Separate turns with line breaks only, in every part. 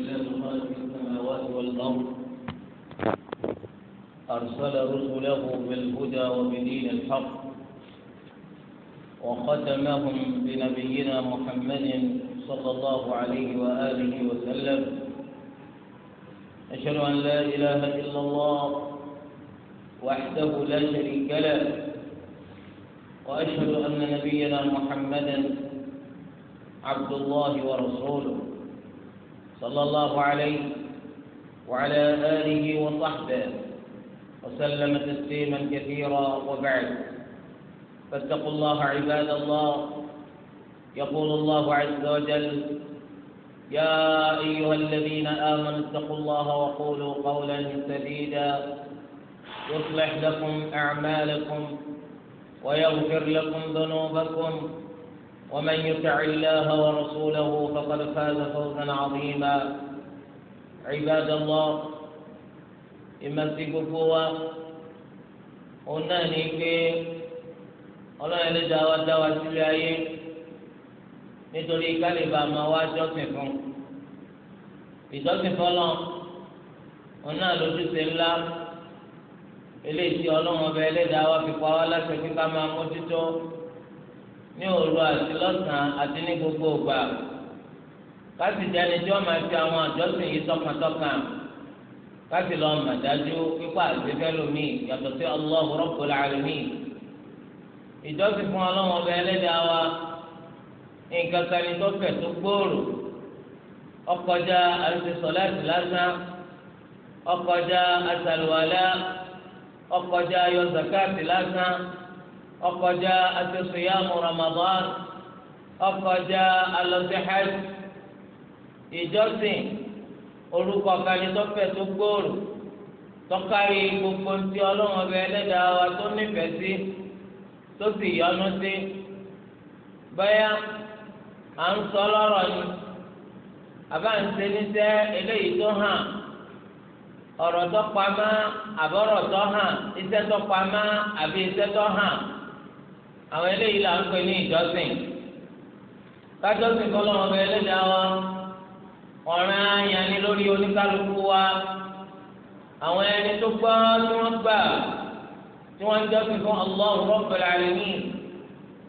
السماوات والأرض أرسل رسله بالهدى وبدين الحق وختمهم بنبينا محمد صلى الله عليه وآله وسلم أشهد أن لا إله إلا الله وحده لا شريك له وأشهد أن نبينا محمدا عبد الله ورسوله صلى الله عليه وعلى آله وصحبه وسلم تسليما كثيرا وبعد فاتقوا الله عباد الله يقول الله عز وجل يا أيها الذين آمنوا اتقوا الله وقولوا قولا سديدا يصلح لكم أعمالكم ويغفر لكم ذنوبكم ومن يطع الله ورسوله فقد فاز فوزا عظيما عباد الله إما سيكوكوا قلنا نيكي ọlọ́run ẹlẹ́dàá wa dá wa sílé ayé nítorí kálíbà máa wá jọ́sìn fún ìjọ́sìn fọlọ́ ọ̀nà lójúṣe ńlá eléyìí tí ọlọ́run ọba ẹlẹ́dàá wa fi pa wá láṣẹ pé ká máa mójútó ní òru àti lọ́sàn-án àti ní gbogbo ògbà káàsì jẹni tí wọ́n máa fi àwọn àjọsìn yìí tọkàntọkàn káàsì lọ́ọ́ mà dájú pípa àgbẹ̀fẹ́lómi yàtọ̀ sí Allahu Rabbul Alamin ìjọsìn fún ọlọ́wọ́n ọba ẹlẹ́dàá wa nǹkan kan ní tó fẹ̀ tó gbòòrò ọkọjá àti lásán ọkọjá àtàlùwàlá ọkọjá yọ lásán ọkọjá àti رمضان Ramadan ọkọjá alọsíhàj ìjọsìn orúkọ kani tọfẹ tó gbòòrò tọkari gbogbo ntí Ọlọ́run ọbẹ Ẹlẹ́dàá wa tó nífẹ̀ẹ́ sí tó sì yọ́nú sí bẹ́ẹ̀ à ń sọ lọ́rọ̀ ni àbá ń ṣe níṣẹ́ eléyìí tó hàn ọ̀rọ̀ tó pamọ́ àbọ̀rọ̀ tó hàn iṣẹ́ tó pamọ́ àbí iṣẹ́ tó hàn àwọn eléyìí là ń pè ní ìjọsìn kájọsìn kọ́ lọ́wọ́ bẹ ẹlẹ́dàá wa ọ̀ràn àyàn ni lórí oníkálukú wa àwọn ẹni tó gbọ́ tí wọ́n gbà tí wọ́n ń jọ́sìn fún Allahu Rabbul Alamin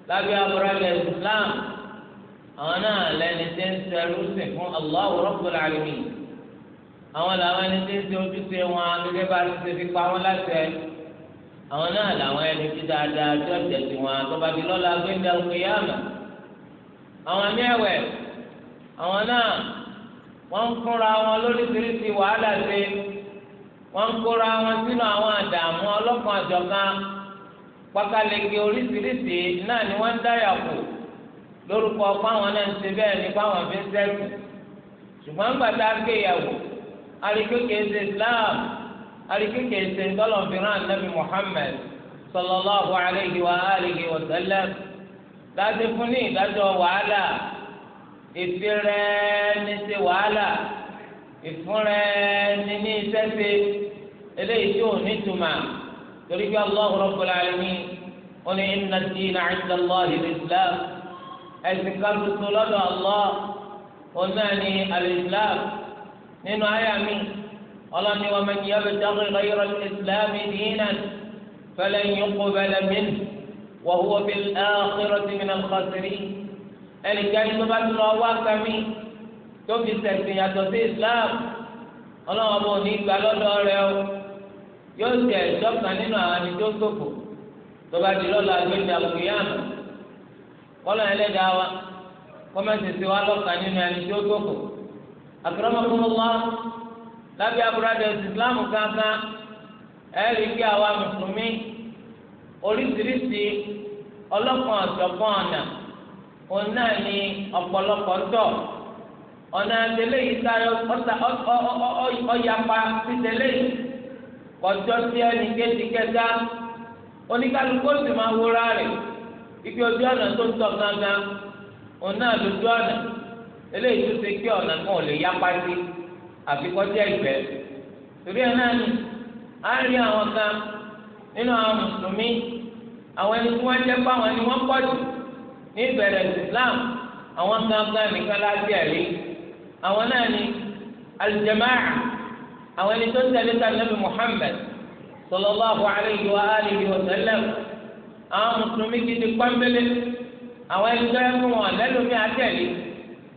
lábẹ́ abúrẹ́lẹ̀ Islam àwọn náà lẹni tí ń sẹ́rú sí fún Allahu Rabbul Alamin àwọn làwọn ẹni tí ń ṣe ojúṣe wọn gẹ́gẹ́ bá ti ṣe fi pa wọn láṣẹ. àwọn náà làwọn ẹni tí dáadáa tí ó tẹ̀sí wọn àtọ́ba di lọ́la gbẹ́ndà òkèèyàmà àwọn mẹ́wẹ̀ àwọn náà wọ́n ń kóra wọn lóríṣiríṣi wàhálà ṣe wọ́n ń kóra wọn sínú àwọn àdààmú ọlọ́kan àjọkan oríṣiríṣi náà ni ń dáyàpò lórúkọ fáwọn náà ń ṣe fi ń gbàtà àríkèké ṣe Islam. àríkèké ṣe tọ́lọ̀ fìràn ànábì Muhammad sallallahu alayhi wa alihi wa sallam láti fún ní ìdájọ́ wàhálà ìfirẹ́ẹ́ni ṣe wàhálà ìfúnrẹ́ẹ́ni ní iṣẹ́ ṣe eléyìí tí ò ní tuma torí pé Allahu Rabbul Alamin ó ní inna ad-dina 'inda Allahi islam ẹ̀sìn kan tuntun lọ́dọ̀ Allah ó náà ní al nínú àyà mi ọlọ́ni wọn mẹ́jì yabtaghi ghayra al-islam dinan falan yuqbala minhu wa huwa fil-akhirati minal khasirin ẹnìkan tó bá tún lọ wá kàmí tó fi sẹ̀sìn yàtọ̀ sí islam ọlọ́wọ́n bò ní ìgbà lọ́dọ̀ rẹ̀ o yóò tẹ̀ ìjọba nínú àwọn ẹni tó sòfò tó bá di lọ́la gbẹ̀dẹ̀ àlùkìyàmù kọ́lọ̀ ẹlẹ́dàá wa kọ́mẹ́sì sí wa lọ́kàn nínú ẹni tó sòfò àkàràmọ́kùnrin wa. lábẹ́ abúlé islam kankan ẹ̀rí kí àwa mùsùlùmí oríṣiríṣi ọlọ́kan ọ̀jọ̀gbọ́n ọ̀nà òun náà ni ọ̀pọ̀lọpọ̀ ń tọ̀ ọ̀nà àtẹlẹ́ yìí sáyọ ọ̀yàpá títẹ̀lẹ́ yìí kọjọ́ sí ẹni kéjì kẹta oníkálukú sì máa wúra rẹ̀ ibi ojú ọ̀nà tó ń tọ̀ gángan òun náà lójú ọ̀nà eléyìí tó ṣe kí ọ̀nà kan ò lè àfi kọjá ìfẹ́ torí ẹ̀ náà ni a rí àwọn kan nínú àwọn mùsùlùmí àwọn ẹni tí wọ́n jẹ́ pé àwọn ni wọ́n pọ̀ jù ní ìbẹ̀rẹ̀ Islam àwọn gangan nìkan láti ẹ̀rí àwọn náà ni alìjẹmáà àwọn ẹni tó ń tẹ̀lé tàbí Muhammad sallallahu alayhi wa alihi wa sallam àwọn mùsùlùmí gidi pọ́nbélé àwọn ẹni tó yẹ fún wọn lẹ́nu mi àtẹ̀lé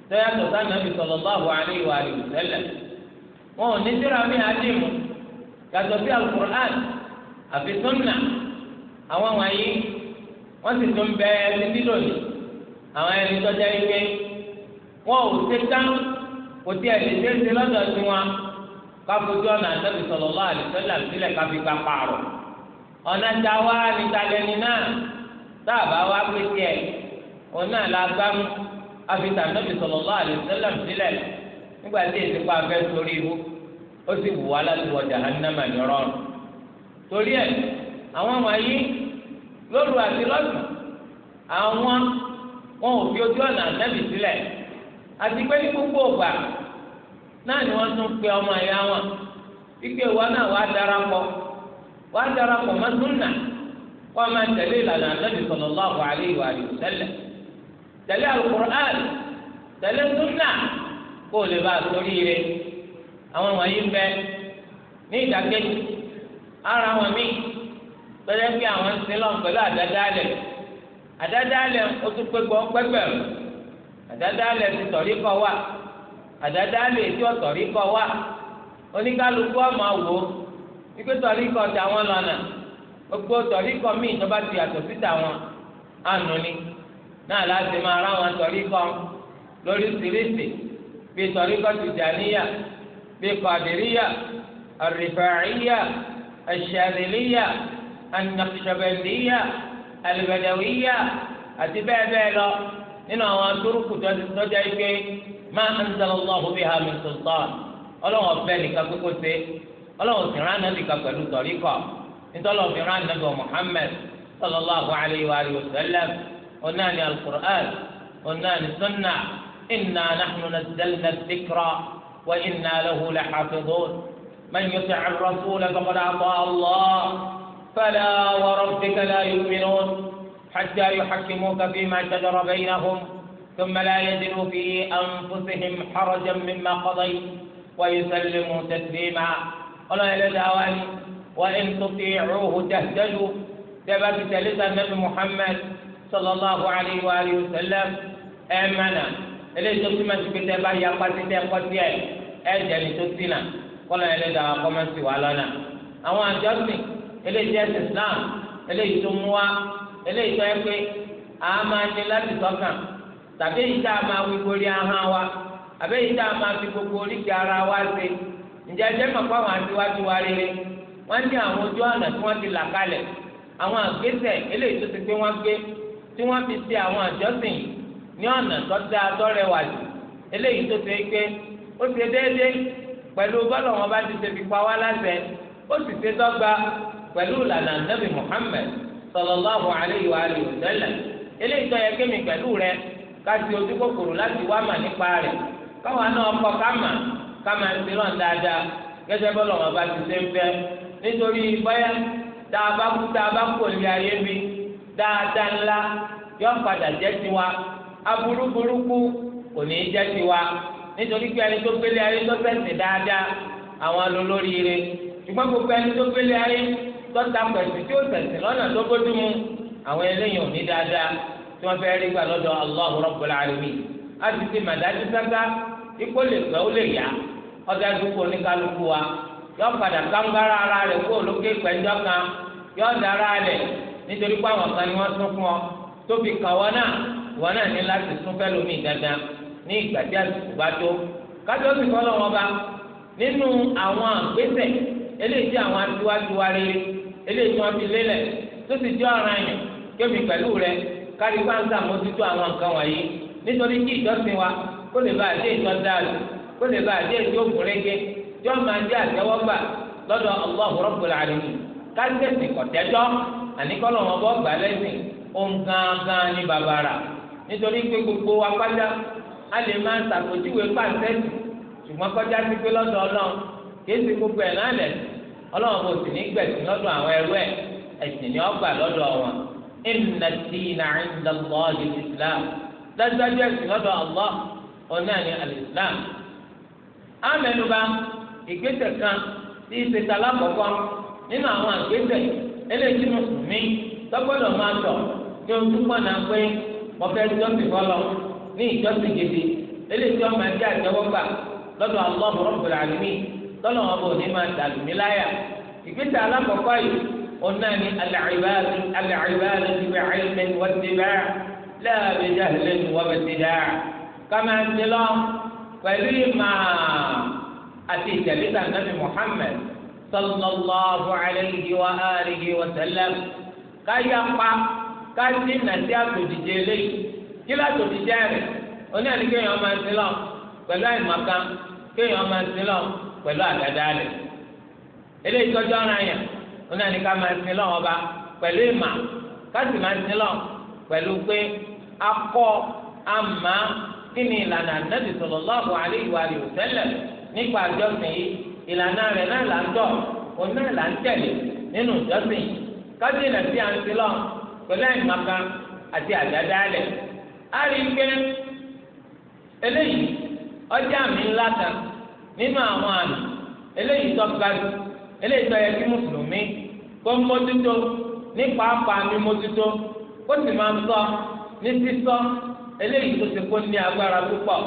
tó yàtọ̀ sáà nàbì sallallahu alayhi wa alihi wa sallam. wọn ò ní síra mi àdìmù yàtọ̀ sí alukur'an àfi àwọn wọ́n sì tún bẹ ẹni nílò ní àwọn ẹni tọ́jà ike wọn ò ṣe tán kò tí ẹ lè ṣe é ṣe lọ́dọ̀ sí wọn káfojú ọ̀nà àtẹ́bí sallallahu alaihi wasallam ka káfí gba pààrọ̀ ọ̀nà a wá nítalẹ́ni náà a wá pé tiẹ̀ òun náà la gbá mú àfi tàbí nígbà tí èsì ó sì wù wá láti wọ jahannama ní rọrùn torí ẹ àwọn wọ̀nyí lóru àti lọ́sùn àwọn wọn ò fi ojú ọ̀nà àtẹ́bì sílẹ̀ àti pé ní gbogbo ògbà náà ni wọ́n tún pe ọmọ ẹ̀yà wọn ike wa náà wàá darapọ̀ wàá darapọ̀ mọ́ wọ́n máa tẹ̀lé ìlànà àtẹ́bì sallallahu alaihi wa sallam tẹ̀lé al-Qur'an tẹ̀lé súnà kó o lè bá a sórí rẹ̀. àwọn wọ̀nyí ń bẹ ní ìdákẹ́jì ara wọn mi pẹlẹ pé àwọn ń sin lọ́n pẹ̀lú àdádálẹ̀ àdádálẹ̀ ó tún pé gbọ́n pẹ́gbẹ̀rún àdádálẹ̀ ti tọ̀rí kọ́ wà àdádálẹ̀ tí ó tọ̀rí kọ́ wà oníkálukú ọmọ wò ó ikú tọ̀rí kọ́ tàwọn lọ́nà gbogbo tọ̀rí kọ́ míì tó ti yàtọ̀ sí tàwọn àánú ni náà láti máa ráwọn tọ̀rí kọ́ lórí sírísì bíi kàdìríyà àrífàáyà àṣàdìlíyà ànàkṣàbẹ̀ndíyà àlùbẹ̀dẹ̀wíyà àti bẹ́ẹ̀ bẹ́ẹ̀ lọ nínú àwọn turuku tọ́jà ike máa ń sọ lọ́hùn bíi hàmì sultan ọlọ́wọ́n fẹ́ nìkan kókó ṣe ọlọ́wọ́n sì rán nàbì kan pẹ̀lú tọ̀ríkọ̀ nítorí òfin rán nàbì Muhammad sallallahu alayhi wa sallam onáni alukur'an onáni sunna inna nahnu nazzalna dhikra. وإنا له لحافظون من يطع الرسول فقد أطاع الله فلا وربك لا يؤمنون حتى يحكموك فيما شجر بينهم ثم لا يجدوا في أنفسهم حرجا مما قضيت ويسلموا تسليما ولا الأوان وإن تطيعوه تهتدوا ثبت لسان النبي محمد صلى الله عليه وآله وسلم آمنا eléyìí tó ti máa ti pé tẹ́ bá ya pàṣẹ tẹ́ kọ́ sí ẹ̀ ẹ̀ jẹ́ni tó sí náà kọ́lọ́ ẹlẹ́dàá kọ́ máa sì wá lọ́nà àwọn àjọsìn eléyìí tẹ́ Islam eléyìí tó mú wa eléyìí tó yẹ pé a máa ní láti sọ́kàn tàbí èyí tá a máa wí borí ahọ́n wa àbí èyí tá a máa fi gbogbo oríkì ara wa ṣe ǹjẹ́ ẹjẹ́ mọ̀ àwọn àtiwájú wa rere wọ́n ní àwọn ojú ọ̀nà tí wọ́n ti là kalẹ̀ àwọn àgbésẹ̀ eléyìí tó ti pé wọ́n gbé tí wọ́n fi ṣe àwọn àjọsìn yìí ní ọ̀nà tó dáa tó rẹwà jù eléyìí tó ṣe é pé ó ṣe déédéé pẹ̀lú bọ́lọ̀ wọn bá ti ṣe fi wá ó sì ṣe dọ́gba pẹ̀lú ìlànà nàbì Muhammad sallallahu alayhi wa alihi wa eléyìí tó kémi pẹ̀lú rẹ ká ti ojú kòkòrò láti wá mà nípa rẹ mà dáadáa gẹ́gẹ́ bọ́lọ̀ wọn bá ti ṣe ń fẹ́ nítorí báyà a bá kú tá bá aburú burúkú kò ní í wa. tiwa nítorí pé ẹni tó gbélé ayé tó dáadáa àwọn alólóríire ṣùgbọ́n gbogbo ẹni tó gbélé ayé tó ta pẹ̀sì tí ó ṣẹ̀sìn lọ́nà tó bójúmu àwọn eléyìí ò dáadáa tí wọ́n fẹ́ rí gbà lọ́dọ̀ Allahu ti ti màdájú sáká ikó lè pẹ́ ó lè yá ọjà dúpọ̀ wa yọ padà ara rẹ̀ ìwọ náà ní láti tún fẹ́ lómi dandan ní ìgbà tí àsìkò bá tó kájọ sì kọ́ lọ́wọ́ bá nínú àwọn àgbésẹ̀ eléyìí tí àwọn atiwájú wa rere eléyìí tí wọ́n fi lélẹ̀ tó sì jẹ́ ọ̀ràn yẹn kébi pẹ̀lú rẹ kárí bá ń sàmójútó àwọn nǹkan wọ̀nyí nítorí kí ìjọsìn wa kó lè bá àdé ìjọ dáàlú kó lè bá àdé ìjọ ògùnrégé yóò máa jẹ́ àtẹ́wọ́gbà lọ́dọ̀ Allahu gbà lẹ́sìn ohun gangan nítorí pé gbogbo apájá a lè máa ń sàkójúwe pàǹtẹ́ẹ̀tì ṣùgbọ́n kọjá sí pé lọ́dọ̀ ọlọ́run kì í sì gbogbo ẹ̀ n'igbe ọlọ́run kò sì ní gbẹ̀sìn lọ́dọ̀ àwọn ẹrú ẹ̀ ẹ̀sìn ni ọgbà lọ́dọ̀ wọn inna dina inda Allahi islam dájúdájú ẹ̀sìn lọ́dọ̀ ni kan tí ìṣètò alákọ̀ọ́kọ́ nínú àwọn àgbésẹ̀ mo fẹ́ jọ́sìn fọlọ́ ní ìjọsìn gidi eléyìí ọmọ ẹgbẹ́ àjẹwọ́gbà lọ́dọ̀ Allah Rabbul Alamin tọ́lọ̀ wọn bò ní máa dàlùmí láyà ìgbésẹ̀ alákọ̀ọ́kọ́ yìí ọ̀nà ni al-ibadatu ti bẹ̀ ilmin wa ittiba' la bi jahlin wa ibtida' kàmá ti lọ pẹ̀lú ìmọ̀ àti ìtẹ̀lẹ́sà nàbì Muhammad sallallahu alayhi wa alihi wa sallam káyà pa. káyọ̀dé nàdí àtòjìjẹ eléyìí kí látòjìjẹ rẹ̀ oní àti kéèyàn máa lọ pẹ̀lú àìmọ̀ká kéèyàn máa lọ pẹ̀lú rẹ̀ eléyìí tọ́jú ọ̀ràn yẹn oní àti ká máa lọ ọba pẹ̀lú ìmà máa lọ pẹ̀lú akọ àmà kí ni ìlànà nípa àjọsìn yìí ìlànà rẹ̀ náà pẹ̀lú maka àti àdádálẹ̀ á rí i pé eléyìí ọjà mi ńlá kan nínú àwọn àmì eléyìí tó ga jù eléyìí tó yẹ kí mùsùlùmí kó mójútó nípa apá mi mójútó sì máa sọ ní sísọ eléyìí tó ti kó ní agbára púpọ̀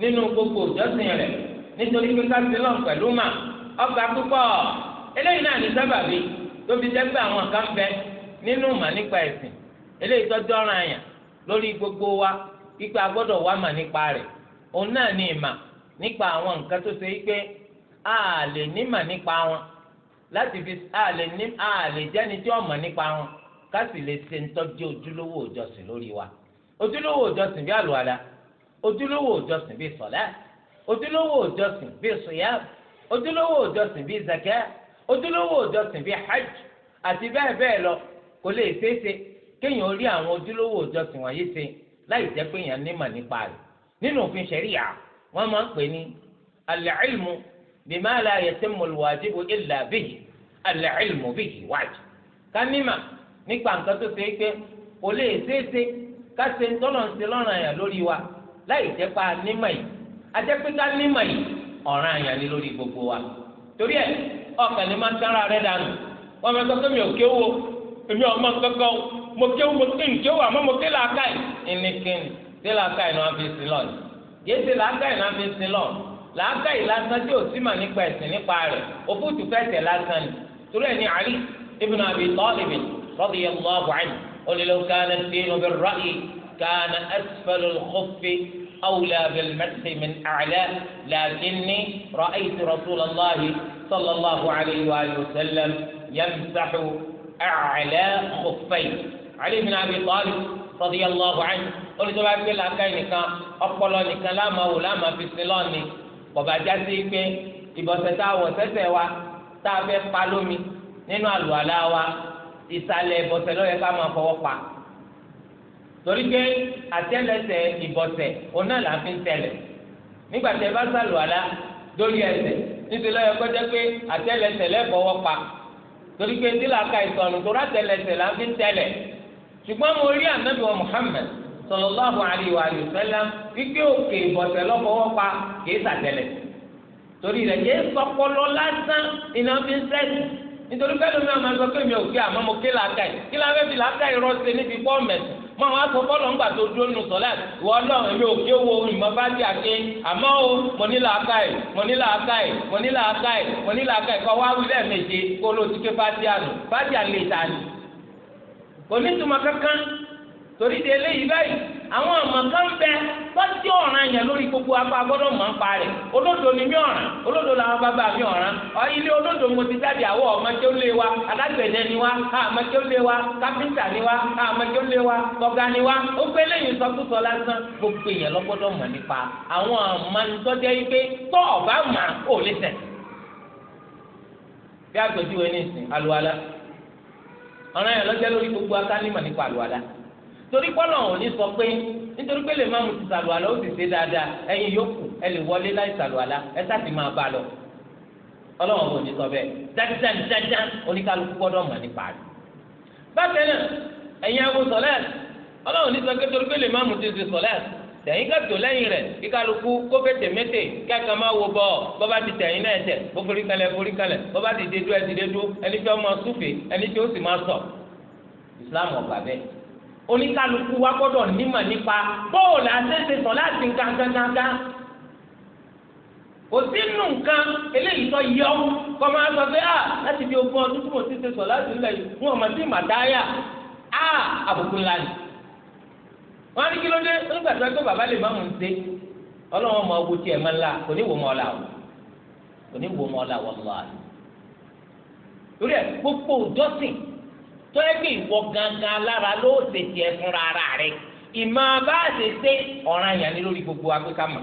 nínú gbogbo ìjọsìn rẹ̀ nítorí pé pẹ̀lú mà ọgbà púpọ̀ eléyìí náà ní sábàbí tóbi jẹ́ pé nínú mà nípa ẹ̀sìn eléyìí tó dọ́ran àyàn lórí gbogbo wa pípẹ́ a gbọ́dọ̀ wá mà nípa rẹ̀ òun náà ní ìmà nípa àwọn nǹkan tó ṣe pé a lè nímà nípa wọn láti fi a lè ní a lè jẹ́ni tí ó mọ̀ nípa wọn ká sì lè ṣe ń tọ́jú ojúlówó òjọsìn lórí wa ojúlówó òjọsìn bí àlùwàlà ojúlówó òjọsìn bí sọ̀lá ojúlówó òjọsìn bí sọ̀yà ojúlówó òjọsìn bí zakẹ́ ojúlówó òjọsìn bí hajj àti bẹ́ẹ̀ bẹ́ẹ̀ lọ kò lè ṣeéṣe kéèyàn rí àwọn ojúlówó ìjọsìn wọ̀nyí ṣe láì jẹ́ pé èèyàn nímọ̀ nípa rẹ̀ nínú òfin ṣẹ̀ríyà wọ́n máa ń pè ní al-ilmu bima la yatimmu al-wajibu illa bihi al-ilmu bihi wajib ká nímọ̀ nípa nǹkan tó ṣe é pé kò lè ṣeéṣe ká ṣe ń tọ́lọ̀ ń ṣe lọ́rùn àyàn lórí wa láì jẹ́ pa nímọ̀ yìí ajẹ́ pé ká nímọ̀ yìí ọ̀ràn àyàn ni lórí gbogbo wa torí ẹ̀ ọkàn ni máa ń tẹ́ra rẹ̀ dànù wọ́n máa sọ èmi ọmọ kankan o mo kéwù mo ké ni kéwù àmọ́ mo ké làákàyè ẹni kéwù ké làákàyè wọn fi sin lọ yìí ṣe làákàyè wọn fi sin lọ làákàyè lásán tí ò sí mà nípa ẹ̀sìn nípa rẹ̀ o òfútù fẹsẹ̀ lásán ni torí ẹni Ali ibn Abi Talib radiyallahu anhu qala law kana ad-dinu bir-ra'yi kana asfalu al-khuffi أولى بالمدح من أعلى لكني رأيت رسول الله صلى الله عليه وآله وسلم يمسح أعلى òfẹ́yì Ali bin أبي طالب radiyallahu الله عنه. àgbẹ̀ làákà nìkan ọpọlọ nìkan láàmàwò láàmàfisì lọ́ọ̀ni bọ̀bà jásí pé ìbọ̀sẹ̀ tá a wọ̀ sẹ́sẹ̀ wa tá a fẹ́ pa lómi nínú àlùwàlá wa ìsàlẹ̀ ìbọ̀sẹ̀ lọ́yẹ ká máa fọwọ́ pa torí pé àtẹ́lẹsẹ̀ ìbọ̀sẹ̀ òun náà là ń fi ń tẹ̀lẹ̀ nígbà tẹ́ bá sàlùwàlá dórí ẹsẹ̀ nítorí lọ́yẹ kọjá pé àtẹ́lẹsẹ̀ lẹ́fọwọ́ pa torí pé ndí làákà ìsọ̀nù tó rátẹlẹsẹ̀ là ń fi ń tẹlẹ̀ ṣùgbọ́n mo rí ànábì wa Muhammad sallallahu alayhi wa sallam wípé òkè ìbọ̀sẹ̀ lọ́fọwọ́ pa kìí sàtẹlẹ̀ torí rẹ̀ yé sọpọlọ lásán iná fi ń sẹ́sì nítorí pé lómi àwọn ọmọ ẹgbẹ́ mi ò kí àmọ́ mo kí làákà yìí kí làákà yìí rọ́ọ̀ṣẹ́ níbi pọ́ọ̀mẹ̀sì mọ àwọn aṣọ bọ́ọ̀lù ńgbà tó dúró nù sọ́lá wọ́n lọ èmi ò kéwò ìmọ̀ àké àmọ́ o mo ní làákà ẹ̀ mo ní làákà ẹ̀ mo ní làákà ẹ̀ mo ní làákà ẹ̀ kọ́ wá wí lẹ́ẹ̀mejì kó ló ti ké bá di àná bá di àlè tani. onítùmọ̀ kankan torí de eléyìí báyìí àwọn àmọ̀ká ń bẹ lọ́sí ọ̀ràn yẹn lórí gbogbo apá gbọ́dọ̀ mọ̀ ń pa rẹ̀ olódo ni mí ọ̀ràn olódo làwọn bàbá mi ọ̀ràn ilé olódo mo ti jáde àwọ̀ ọmọdé ó lé wa alágbẹ̀dẹ ni wa àmọdé ó lé wa kápẹ́ńtà ni wa àmọdé ó lé wa tọ́gá ni wa ó gbé lẹ́yìn sọkúsọ lásán gbogbo èèyàn lọ́gbọ́dọ̀ mọ̀ nípa àwọn àmọ́nitọ́jẹ́ yìí pé tọ́ ọ̀bá mà ó lè tẹ̀. bí àpèjúwe ní ìsìn àlùwàlá ọ̀ràn yẹn lọ́jẹ́ lórí gbogbo akálímọ̀ nípa àlùwàlá torí pọ́lọ̀ ò ní sọ pé nítorí pé lè má mu ti sàlùwàlà ó sì ṣe dáadáa ẹ̀yin yòókù ẹ lè wọlé láì sàlùwàlà ẹ sá ti máa bá lọ ọlọ́wọ́n kò ní sọ bẹ́ẹ̀ dájúdájú dájá oníkálukú gbọ́dọ̀ mọ̀ nípa rẹ̀. bákan náà ẹ̀yin awo sọ̀lẹ́ ọlọ́wọ́n ní sọ pé torí pé lè má mu ti ṣe sọ̀lẹ́ tẹ̀yìn ká tó lẹ́yìn rẹ̀ kíkálukú kó fẹ́ tẹ̀mẹ́tẹ̀ kẹ́kẹ́ máa wo bọ́ bọ́bá ti tẹ̀yìn náà tẹ̀ bó forí kalẹ̀ forí kalẹ̀ bọ́bá ti dédú ẹ ti dédú ẹni tí ó máa súfèé ẹni tí ó sì máa sọ. Islam ọ̀gbà bẹ́ẹ̀ oníkálukú wa gbọ́dọ̀ nímọ̀ nípa bóòlù àtẹsẹ sọ láti gángan gángan kò sí nù nǹkan eléyìí tó yọ kọ́ máa sọ pé ah láti di ogún ọdún tí mo ti ṣe sọ láti nílẹ̀ yìí fún ọmọ tí mà dáyà ah àbùkù ńlá ni. wọ́n á ní kí ló dé nígbà tó ẹgbẹ́ bàbá lè má mú un ṣe ọlọ́run ọmọ ogun tiẹ̀ máa ń la kò ní wò mọ́ ọ̀la o kò ní wò mọ́ ọ̀la wọ́n lọ́wọ́ àná. torí ẹ̀ gbogbo ìjọsìn tọ́yẹ́ pé ìwọ gangan lára ló ṣe tiẹ̀ fúnra ara rẹ̀ ìmọ̀ bá ṣe ṣe ọ̀ràn yàn ní lórí gbogbo agbékámà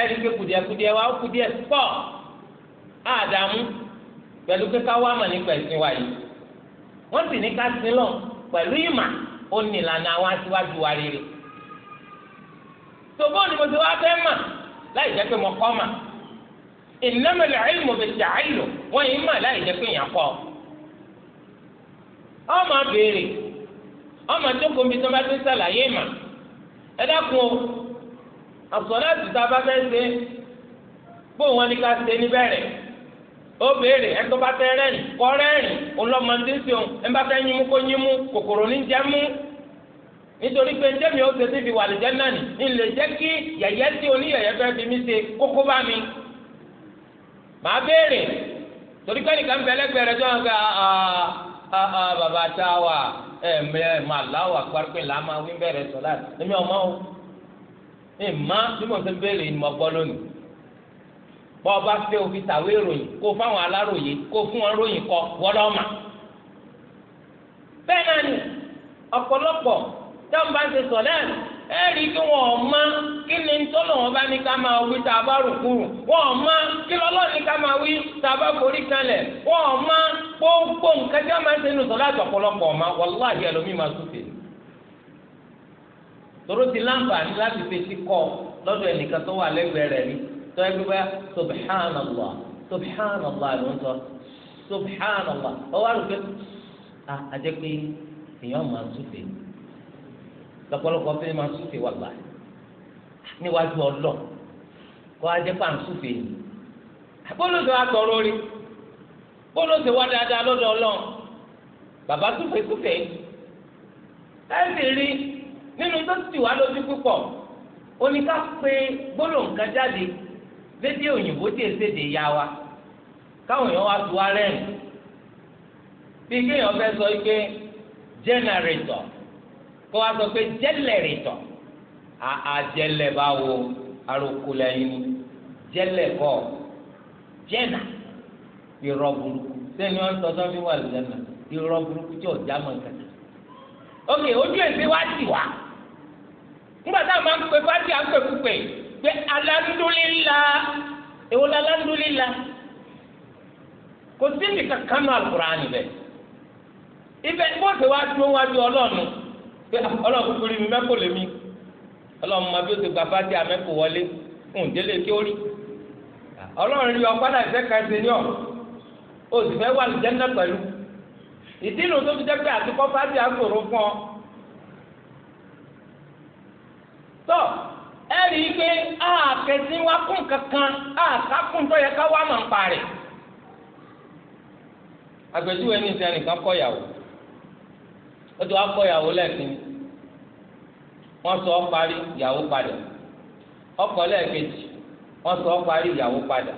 ẹ̀rí pé kùdìẹ̀kùdìẹ̀ wa ó kùdìẹ̀ pọ̀ àdàmú pẹ̀lú pé ká wá nípa ẹ̀sìn wa yìí wọ́n sì ní ká sin lọ pẹ̀lú ó ní ìlànà rere ni mo ti wá fẹ́ mà láì jẹ́ pé mo kọ́ ọmọ béèrè ọmọ jókòó mi tó bá ti ń sàlàyé mà ẹ dákun o àsọ̀rọ̀ àtúntà bá fẹ́ ṣe bó wọn ni ká ṣe níbẹ̀rẹ̀ ó béèrè ẹtọ́ bá fẹ́ rẹ́rìn kọ́ rẹ́rìn ọlọ́mọdé ń sèwọ̀n ẹ bá fẹ́ yín mú kó yín mú kòkòrò ní jẹ́ mú nítorí pé njẹ́mi ó ṣe síbi wàlìjẹ́ náà nì ń jẹ́ kí yẹ̀yẹ́ tí oníyẹ̀yẹ́ fẹ́ fi mí ṣe kókó bá mi. màá béèrè torí pé nìkan bẹ̀rẹ̀ bẹ̀rẹ̀ tó ń ga aa bàbá tá a wà ẹ mẹ mà láwà pàrọpẹ là máa wí bẹ̀rẹ̀ sọlá èmi ọmọ o ẹ má bí mo ti béèrè ni mo gbọ́ lónìí bọ́ ọ bá fẹ́ o fi tàwé ìròyìn kó fáwọn aláròyé kó fún wọn ròyìn kọ wọ́lọ́mà bẹ́ẹ̀ náà ni ọ̀pọ̀lọpọ̀ táwọn bá ń ṣe sọ̀lẹ́ẹ̀ ẹ̀rí kí wọ́n ma kí ni tọ́lọ̀ bá ní ká máa wí tá a bá rùkúrù wọ́n mọ kí lọ́lọ́ ní ká máa wí tá a bá forí kalẹ̀ wọ́n ma gbogbo nǹkan tí wọ́n máa ń láti ọ̀pọ̀lọpọ̀ ọ̀ma wàláhì ẹlòmí máa tòró ti láǹfààní láti fetí kọ lọ́pọ̀lọpọ̀ fẹẹ máa súfè wà gbà níwájú ọlọ kọ ajẹ pa ń súfè yìí bólú ti wá tọrọ rí bólú ti wá dáadáa lọ́dọ̀ Ọlọ́run bàbá súfè súfè ẹ sì rí nínú tó ti wá lójú púpọ̀ oníká pé gbólóhùn kan jáde lédè òyìnbó tí èsè dè ya wa káwọn èèyàn wá tu wa rẹ́rìn bí kéèyàn fẹ́ sọ pé jẹ́nẹrétọ̀ kó wá sọ pé jẹ́lẹ̀ rè tọ̀ àjẹlẹ̀ bá wo aroko lẹ́yìn ni jẹ́lẹ̀ kọ́ jẹ́nà irọ́ burúkú sẹ́ni wọ́n tọ́ sọ́fí wà lẹ́nà irọ́ burúkú tí ọ̀já mọ̀ kàtà. ok ojú ẹ̀sẹ̀ wá sí wa nígbà tá a máa ń pè fáti à pé alándúlélá èwo la alándúlélá kò sí nìkan kánú àlùkùránì bẹ́ẹ̀ ibẹ̀ bó ṣe wá dúró wájú ọlọ́run pé ah, ọlọ́run kúrú mi mẹ́kò lèmi ọlọ́run máa bí ó ti gba fáti àmẹ́kò wọlé fún délé kí ó rí ọlọ́run rí ọ̀pádà ìfẹ́ kan ṣe ní ọ̀ o sì fẹ́ wà lùjẹ́ńdà pẹ̀lú ìdí nu tó fi jẹ́ pé àtikọ́ fáti àgbòrò fún ọ. tọ́ ẹ rí i pé àkẹ́sí wa kún kankan àkákùn tó yẹ ká wà máa ń parẹ́ àgbẹ̀júwe ní ìsẹ́nìkan kọ́ yàwó. ó ti wá kọ́ ìyàwó wọ́n sọ ọ́ parí ìyàwó padà ọkọ lẹ́ẹ̀kejì wọ́n sọ ọ́ parí ìyàwó padà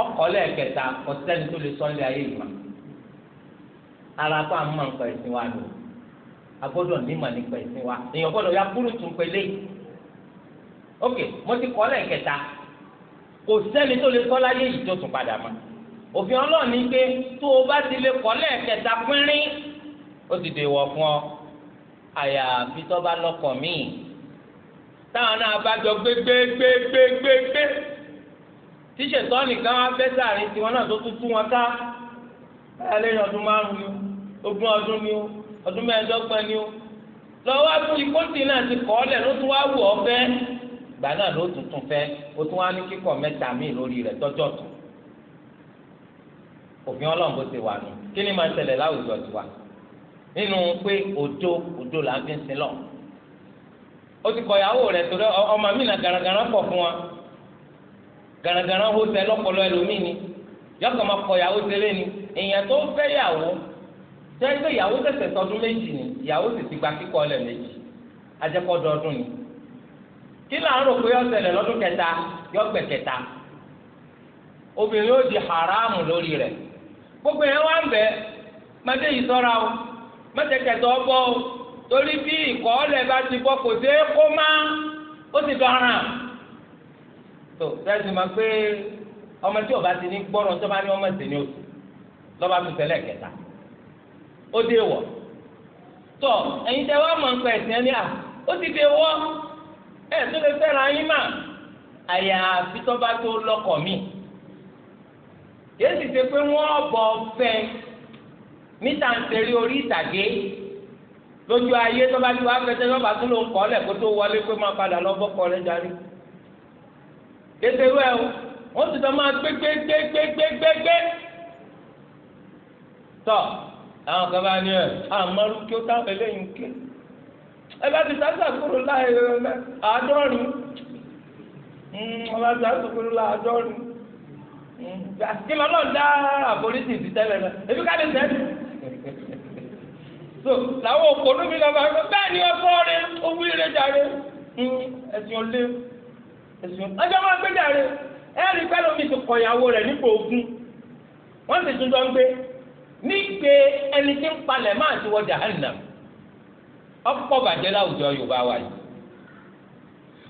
ọkọ lẹ́ẹ̀kẹta kò sẹ́ni tó lè sọ́lé ayé ìgbà ara mma à mọ̀ nǹkan ẹ̀sìn wa lò nímọ̀ wa èèyàn gbọ́dọ̀ ya kúrú tún pélé ok mo ti kọ́ lẹ́ẹ̀kẹta kò sẹ́ni tó lè ayé padà mọ́ òfin pé tó o bá ti lè kọ́ ó ti dèwọ̀ fún ọ àyàfi tó bá lọ́kọ míì táwọn náà bá jọ gbégbégbégbégbé tíṣe tó nìkan wá fẹ́ sàárín tiwọn náà tó tútú wọn ká báyà lẹ́yìn ọdún márùn-ún ni ogún ọdún ni ó ọdún mẹ́ẹ̀ẹ́dọ́gbọ̀n ni ó lọ́wọ́ fún ikóńtì náà ti kọ́ ọ́lẹ̀ ló tún wá wù ọ́ fẹ́ gbà náà ló tuntun fẹ́ ó tún wá ní kíkọ́ mẹ́ta míì lórí rẹ̀ tọ́jọ́ tó òfin ọlọ́run bó ti wà nù kí ni máa ń ṣẹlẹ̀ láwùjọ tiwa nínú pé òjò òjò là ń fi sin lọ ó ti kọyàwó ìyàwó tó rẹ ọmọ mi nà garagara pọ̀ fún wa garagara hó sẹ lọ́pọ̀lọ́ ẹlòmíì ni yọkàn máa kọ ìyàwó sẹlẹ̀ ni èèyàn tó fẹ́ yàwó jẹ́ ìyàwó tọdún méjì ni sì ti gba méjì ni kí rò pé yọ kẹta yọ kẹta obìnrin ó di haramu lórí gbogbo yẹn wá ń bẹ mẹtẹkẹtọ bọ torí bí ìkọọlẹ bá ti bọ kò dé kó má ó ti dọràn tó sẹsìn máa pé ọmọ tí ọba ti ní gbọràn tó bá ní ọmọ ẹsẹ ní oṣù lọba tó tẹlẹ kẹta ó dé wọ tọ ẹyin tẹ wá mọ nǹkan ẹsìn ẹni à ó ti dé wọ ẹ tó lè fẹ́ràn ayín mà àyàfi tó tó lọkọ mi yéé sì ṣe pé wọn bọ fẹ níta ń tẹ̀lé orí ìtàgé lójú ayé tó bá ti wá fẹsẹ̀ yóò bá tún ló ń kọ́ lẹ̀ kó tó wọlé pé máa padà lọ bọ́kọ rẹ̀ darí. kété rẹ o wọ́n ti sọ máa gbé gbé gbé gbé gbé gbé gbé. tọ́ àwọn kan bá ní ẹ̀ àmọ́rú kí ó táwọn eléyìí ń ké. ẹ bá ti sáà sàkúrò láàyè rẹ àádọ́rin ẹ hmm, bá ti sáà sàkúrò láàyè àádọ́rin. Hmm, kí lọ́lọ́ dá àforíjì sí tẹ́lẹ̀ náà ebi ká lè sẹ́yìn so làwọn òpònú mi lọ́ba gbọ́ bẹ́ẹ̀ ni wọ́n fọ́ rẹ owó eré jàre ẹ̀sìn olé ẹ̀sìn olé ọjọ́ máa gbé jàre ẹ̀rí pẹ́lú mi ti kọ ìyàwó rẹ̀ nípa ogun wọ́n sì tún jọ ń gbé nígbè ẹni tí ń palẹ̀ máa ti wọ jahannam ọ̀pọ̀ bàjẹ́ láwùjọ Yorùbá wa yìí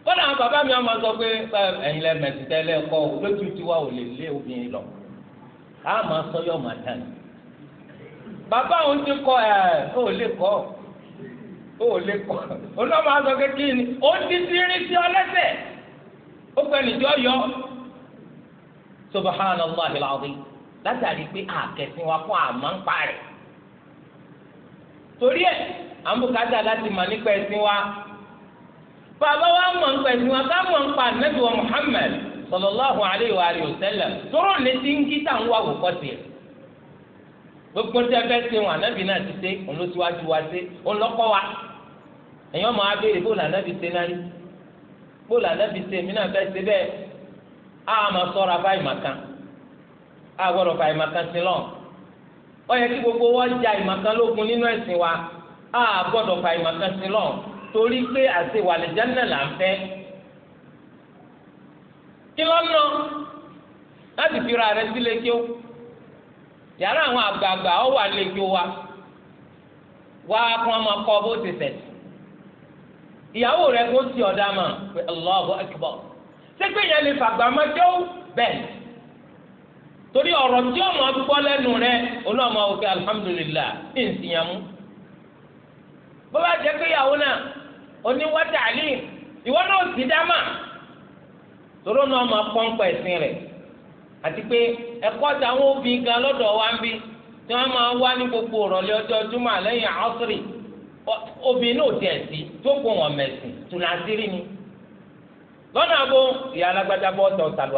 kọ́nà àwọn bàbá mi ọmọ sọ pé ẹ̀yin lẹ́mẹ̀sì tẹ́lẹ̀ kọ́ lójú tiwa ò lè lé obìnrin lọ káà máa sọ yọ̀ máa tán ni. bàbá òun ti kọ ẹ ò lè kọ ò lè kọ olóòmù azọ kékeré ni ó ti sírí sí ọ ó yọ subhanallahi látàrí pé àkẹsìn wa fún àmọ́ ń parẹ́ torí ẹ àmúkàtà láti mọ̀ nípa ẹ̀sìn wa bàbá wa mọ nípa ẹ̀sìn wa ká nípa wa ń kí táwọn wà gbogbo tí a fẹ́ ṣe wọn ànábì náà ti ṣe òun ló ti wájú wa ṣe òun lọ́kọ́ wa ẹ̀yin ọmọ abéèrè bóòlù ànábì ṣe náà rí bóòlù ànábì ṣe mí náà fẹ́ ṣe bẹ́ẹ̀ á máa sọ́ra fáì màkan á gbọ́dọ̀ fáì màkan sí lọ́n ó yẹ kí gbogbo wọn ja ìmàkan lógun nínú ẹ̀sìn wa á gbọ́dọ̀ fáì màkan sí lọ́n torí pé àṣewàlẹ̀ jẹ́nà là ń fẹ́ kí lọ́nà láti fi ra rẹ sílé kí ó. yàrá àwọn àgbààgbà ọ wà lẹ́jọ́ wa wá kí wọ́n máa kọ́ bó ti sẹ̀sì ìyàwó rẹ̀ kó ti ọ̀dà mà pé Allahu Akbar sẹ́gbẹ́ yẹn lè fàgbà má ó torí tí ọmọ gbọ́ lẹnu rẹ olóòmọ òkè alhamdulilah ní ìsìnyàmú bọ́lá jẹ pé ìyàwó náà àlè ìwọ náà sì dá mà torí ọmọ àti pé ẹ̀kọ́ táwọn obìnrin gan lọ́dọ̀ wa ń bí tí wọ́n máa wá ní gbogbo ìrọ̀lẹ́ ọjọ́ júmọ̀ lẹ́yìn àọ́sìrì obìnrin náà tiẹ̀ sí tó wọn mẹ̀sìn tùnàsírí ni lọ́nà àbò ìyá alágbádá gbogbo èèyàn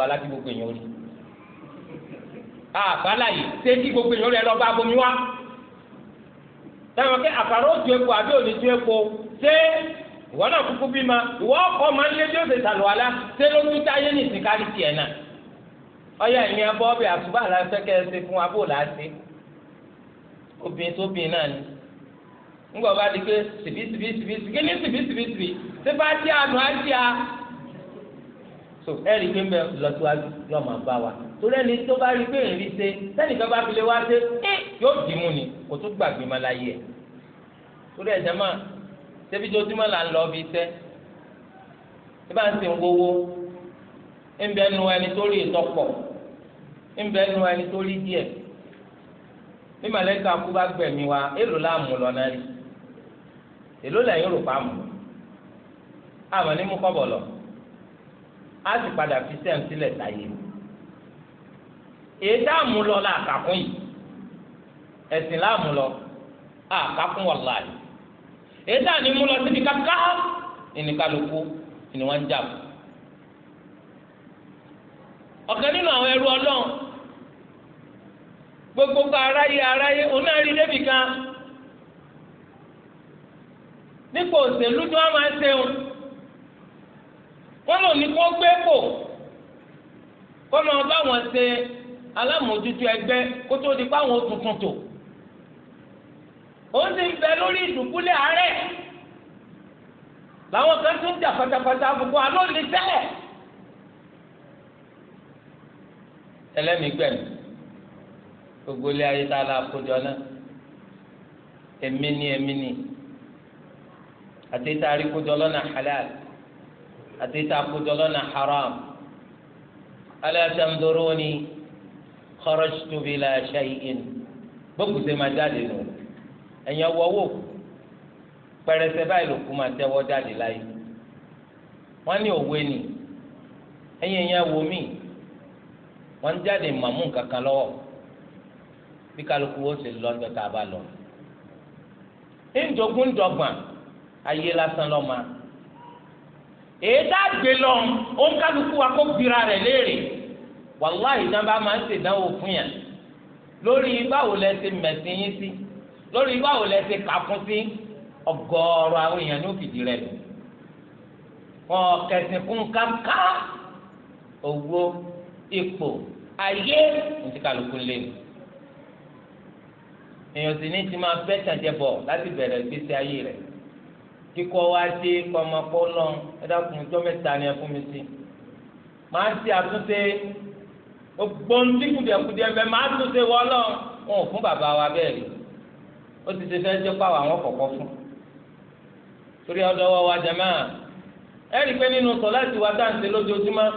rí ah, gbogbo èèyàn rí ẹ wá táwọn ó ju epo àbí ju ma ìwọ máa ń lé bí ó ṣe tàlù ọyọ ẹ̀yin abọ́ ọbẹ̀ àtúbà lásẹ̀kẹ́ ṣe fún abó làásì obìnrin tó bìn náà ni ńgbà bá di pé sìbí sìbí sìbí sìbí ní sìbí sìbí sìbí tí tí a nù á tí a. so ẹ rí i pé mbẹ lọ́tọ́ yóò máa bá wa torí ẹni tó bá rí i pé ìrìn ṣe sẹ́ni kan bá fi lè wá ṣe é yóò dì mú ni kò tún gbàgbé máa láyé ẹ̀. torí ẹ̀ jẹ́mọ̀ ṣébíjọ́júmọ́ là ń lọ bí iṣẹ́ tí bá ń sìn wọ́wọ́ ńbẹ nu ẹni tó rí ètò pọ̀ ńbẹ nu ẹni tó rí díẹ̀ bí màlẹ́kà kú bá gbẹ̀mí wa èlò la mú lọ náà rí èlò lẹ́yìn rò pa mú àmọ́ ní mú kọ́bọ̀ lọ á sì padà fi sẹ́ǹ sílẹ̀ táyé èyí tá a mú lọ la kàkún yìí ẹ̀sìn la mú lọ a wà láàyè èyí tá a ní mú lọ síbi kàkà ìníkàlùkù ìníwọ̀n fún ọ̀kan nínú àwọn ẹrú ọlọ́run gbogbo aráyé aráyé onáàrí débi kan nípa òṣèlú tí wọ́n máa ń ṣeun wọ́n lò ní kó gbé pò kó máa bá wọn ṣe alámòójútó ẹgbẹ́ kó tó di páwọn tuntun tò òun ti ń bẹ lórí ìdùnkúlẹ̀ àárẹ̀ làwọn kan tún jà pátápátá àbùkù àlọ́ ní sẹ́lẹ̀. ẹlẹ́mìí gbẹ̀mí gbogbo ilé ayé tá a la kójọ náà èmi ni èmi ni àti tá a rí kójọ lọ́nà halal àti tá a kójọ lọ́nà haram ala tamduruni kharajtu bila shay'in gbogbo ṣe máa jáde nù ẹ̀yin ọwọ́ wò pẹrẹsẹ báyìí lòkú máa tẹ́wọ́ jáde láyé wọ́n ní òwe ni ẹ̀yin ẹ̀yin ẹ̀wò míì wọ́n ń jáde màmú kankan lọ́wọ́ bí kálukú ó sì lọ ńjọ́ tá a bá lọ. ńjogún dọ́gbọ̀n ayé lásán lọ́mọ èédá gbé lọ òun kálukú wa kó gbira rẹ̀ léèrè wàláhì náà bá máa ń ṣèdánwò fún yàn lórí báwo lẹ ṣe mẹ̀sìn yín sí lórí báwo lẹ ṣe kàkún sí ọ̀gọ̀ọ̀rọ̀ àwọn èèyàn ní òkìdí rẹ̀ lò wọn kẹsìn kún owó ipò ayé ntí kálukú lé ní èèyàn sì ní ti máa bẹ́ tàjẹ bọ̀ láti bẹ̀rẹ̀ ìgbésí ayé rẹ̀ kíkọ́ wá dé kọ́ ọmọ pọ́ lọ ẹ dákun ọjọ́ mẹ́ta ni ẹ fún mi sí máa ń ṣe àtúnṣe gbogbo ń dín kùdìẹ̀kùdìẹ̀ bẹ́ẹ̀ máa tún ṣe wọ́n lọ wọn ò fún bàbá wa bẹ́ẹ̀ rí ó ti ṣe fẹ́ẹ́ jẹ́ pàwọ́ àwọn kọ̀ọ̀kan fún torí ọdọ wa wa jama ẹ rí pé nínú sọ láti wá dáǹsẹ̀ lójoojúmọ́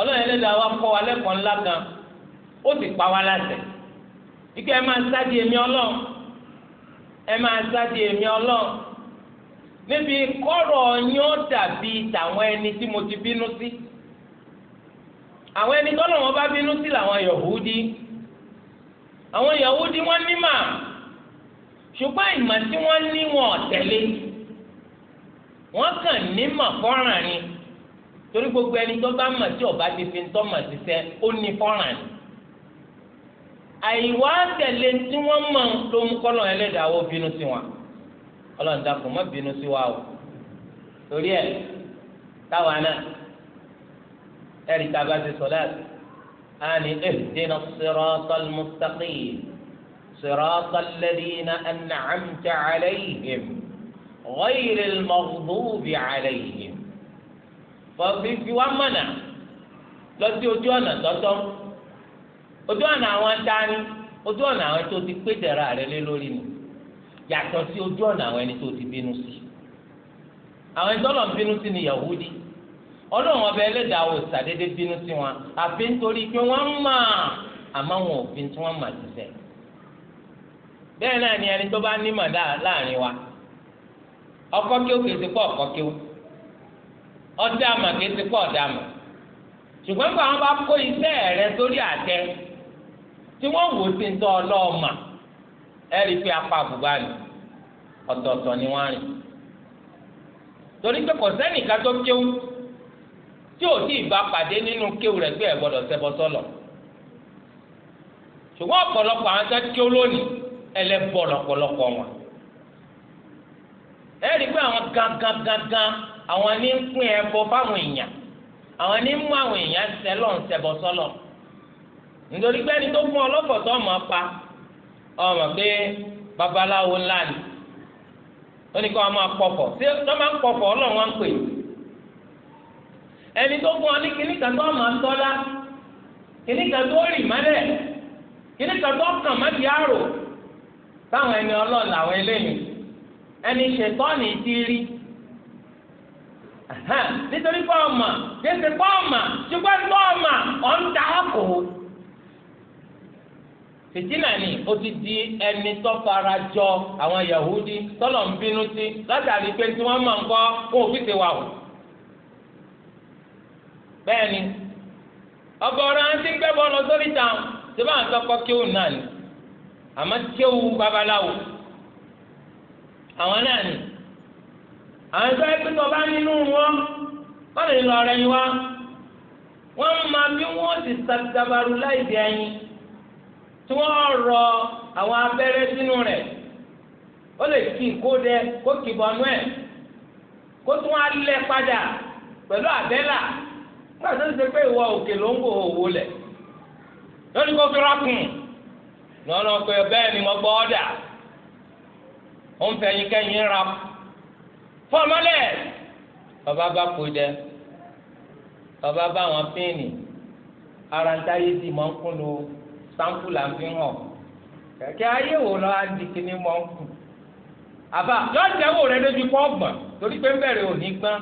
ọlọ́run ẹlẹ́dàá wa kọ́ wa lẹ́kọ̀ọ́ ńlá kan ó sì pa wá láṣẹ ike ẹ máa sáàdì èmi ọlọ́run ẹ máa sáàdì èmi ọlọ́run níbi kọ́rọ̀ yín ó dàbí tàwọn ẹni tí mo ti bínú sí àwọn ẹni tọ́lọ̀ wọn bá bínú sí làwọn Yahudi àwọn Yahudi wọ́n ní mà ṣùgbọ́n ìmọ̀ tí wọ́n ní wọn tẹ̀lé wọ́n kàn ní mà fọ́ràn ni torí gbogbo ẹni tó bá mọ̀ tí ọba ti fi tọ́ mọ̀ sísẹ́ ó ní fọ́nrán ni àìwá tẹ̀lé tí wọ́n mọ̀ ló mú kọ́lọ̀ ẹlẹ́dàá ó bínú sí wọn ọlọ́run dàpọ̀ mọ́ bínú sí wa o torí ẹ̀ táwa náà ẹ̀rí tá bá ti sọ̀lá a ní ihdina siratal mustaqim siratal ladina an'amta alayhim ghayril maghdubi alayhim. fi fi wá mọ̀nà lọ sí ojú ọ̀nà tọ́tọ́ ojú ọ̀nà àwọn dání ojú ọ̀nà àwọn tó ti pé dẹ̀ra rẹ lé lórí ni yàtọ̀ sí ojú ọ̀nà àwọn ẹni tó ti bínú sí àwọn ẹni bínú sí ni Yahudi ọlọ́run ọba ẹlẹ́dàá sàdédé bínú sí wọn àfi nítorí pé wọ́n mọ̀ àmọ́ wọn ò fi tí wọ́n sísẹ́ bẹ́ẹ̀ náà ni ẹni tó bá nímọ̀ láàrin wa ọkọ́ kí ó kèsì pọ̀ ọkọ́ kí ó ọdẹ àmà kìí ti pọ̀ ọdẹ àmà ṣùgbọ́n nígbà wọn bá kó iṣẹ́ rẹ sórí àtẹ tí wọ́n wò sí ń tọ́ ọlọ́ọ̀mà ẹ rí i pé apá àbúgbà ni ọ̀tọ̀ọ̀tọ̀ ni wọ́n rìn torí pé kò sẹ́nìkan tó kéwú tí ò tí ì bá pàdé nínú kéwú rẹ̀ pé ẹ̀ gbọ́dọ̀ ṣẹbọ sọ́lọ̀ ṣùgbọ́n ọ̀pọ̀lọpọ̀ àwọn tó kéwú lónìí ẹlẹ́bọ̀ lọ̀pọ̀lọpọ̀ wọn ẹ rí i pé àwọn gangan gangan. àwọn ní ń pín ẹbọ fáwọn èèyàn àwọn ní ń mú àwọn èèyàn sẹlọ ń sọlọ nítorí pé ẹni tó fún ọlọ́pọ̀ ọmọ pa ọmọ pé babaláwo ńlá ni ó ní kó wọn máa wọn máa ń pè ẹni tó fún ọ ní kíní kan tó ọmọ kíní kan tó mọ́lẹ̀ kíní kan tó nítorí pé ọmọ kéde pé ọmọ ṣùgbọ́n pé ọmọ ọ̀ǹda kò. fìtínà ni ó ti di ẹni tó fara jọ àwọn Yahudi tọ́lọ̀ ń bínú sí látàrí pé tí wọ́n mọ̀ ń kọ́ kó o fi ṣe wà o. bẹ́ẹ̀ ni ọba ọ̀rọ̀ àti gbẹ́bọ̀ lọ sórí ìtàn tí wọ́n á tọkọ kéwù náà ni àmọ́ kéwù babaláwo àwọn náà ni. àwọn ẹgbẹ́ pé tó bá nínú wọn wọ́n lè lọ rẹ̀ wá máa bí wọ́n ti sàgbàbarú láì ẹyin tí wọ́n rọ àwọn abẹ́rẹ́ sínú rẹ̀ ó lè kí nkó dẹ kó kìbọnú kó tún á lẹ padà pẹ̀lú àbẹ́là nígbà tó ṣe pé ìwọ òkè ló ń wò owó lórí kó fi fọmọlẹ bàbá bá kó dẹ bàbá bá wọn pínì ara ń táyé di mọ ń kún là ń fi hàn kẹkẹ ayé lọ á di kíní mọ ń kún àbá yọ jẹwò rẹ lójú kọ gbọn torí pé ń òní gbọn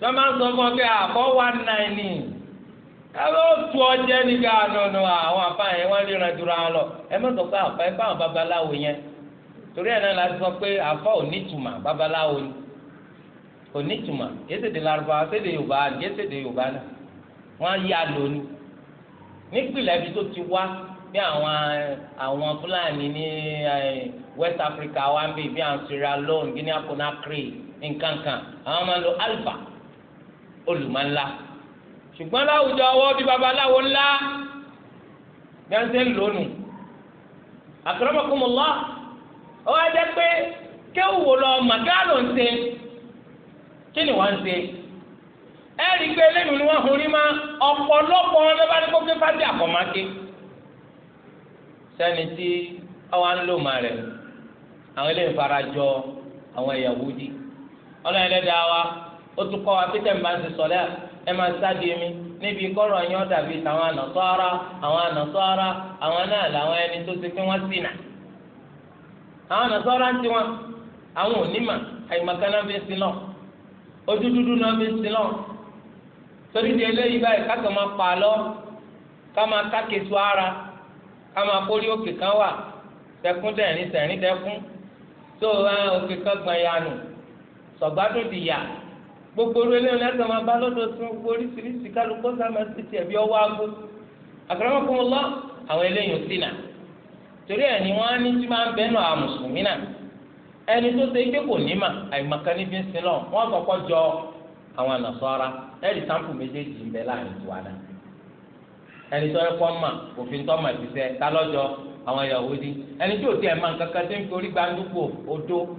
tí wọn máa ń tu ọjẹ àná nù àwọn àbá yẹn wọn lè ràn lọ ẹ sọ pé àbá ẹ bá àwọn babaláwo torí ẹ̀ náà la sọ pé àfa onítùmọ̀ babaláwo ni onítùmọ̀ yéṣèdè Lárúbáwá de Yorùbá yéṣèdè Yorùbá náà wọ́n á yá lónìí nípìnlẹ̀ ibi tó ti wá bí àwọn àwọn Fúlàní ní West Africa wá ń bì bí àwọn Sierra Leone Guinea Conakry nkankan àwọn máa lo alfa olùmọ̀ńlá ṣùgbọ́n láwùjọ ọwọ́ bíi babaláwo ńlá bí wọ́n ṣe ń ọwọ́ wá jẹ́ pé kéwù wò lọ màgá ló ń ṣe kí ni wọ́n ń ṣe ẹ rí i pé lẹ́nu ni wọ́n hun rí ọ̀pọ̀lọpọ̀ sẹ́ni tí ọwọ́ ń lò máa rẹ̀ àwọn eléyìí jọ àwọn Yahudi ọlọ́run ẹlẹ́dàá wa ó tún kọ́ wa pété ń ẹ ara àwọn ara àwọn náà làwọn ẹni tó ti àwọn nàṣọ́ra ń tiwọn àwọn onímọ̀ àyùmọ̀kan náà fi ń sin náà ojú dúdú náà fi ń sin náà torí di eléyìí báyìí pa lọ ká máa ara ká máa kórí òkè kan wà tẹkún dẹ̀rín so dẹkún tó òkè kan gbọ̀nyànù di gbogbo orí eléyìí lẹ́sẹ̀ máa bá sí oríṣiríṣi bí lọ àwọn eléyìí torí ẹni ni a á ní tí máa ń bẹ́nu àwọn mùsùlùmí náà ẹni tó ṣe pé kò ní mà àìmọ̀kan níbi ń sin lọ jọ àwọn ànàsọ́ra ẹni sáǹpù méjèèjì ń bẹ láàrin ẹni tó ẹkọ́ mà òfin tó mà ti ta àwọn Yahudi ẹni tí ò tí máa kankan ń fi orí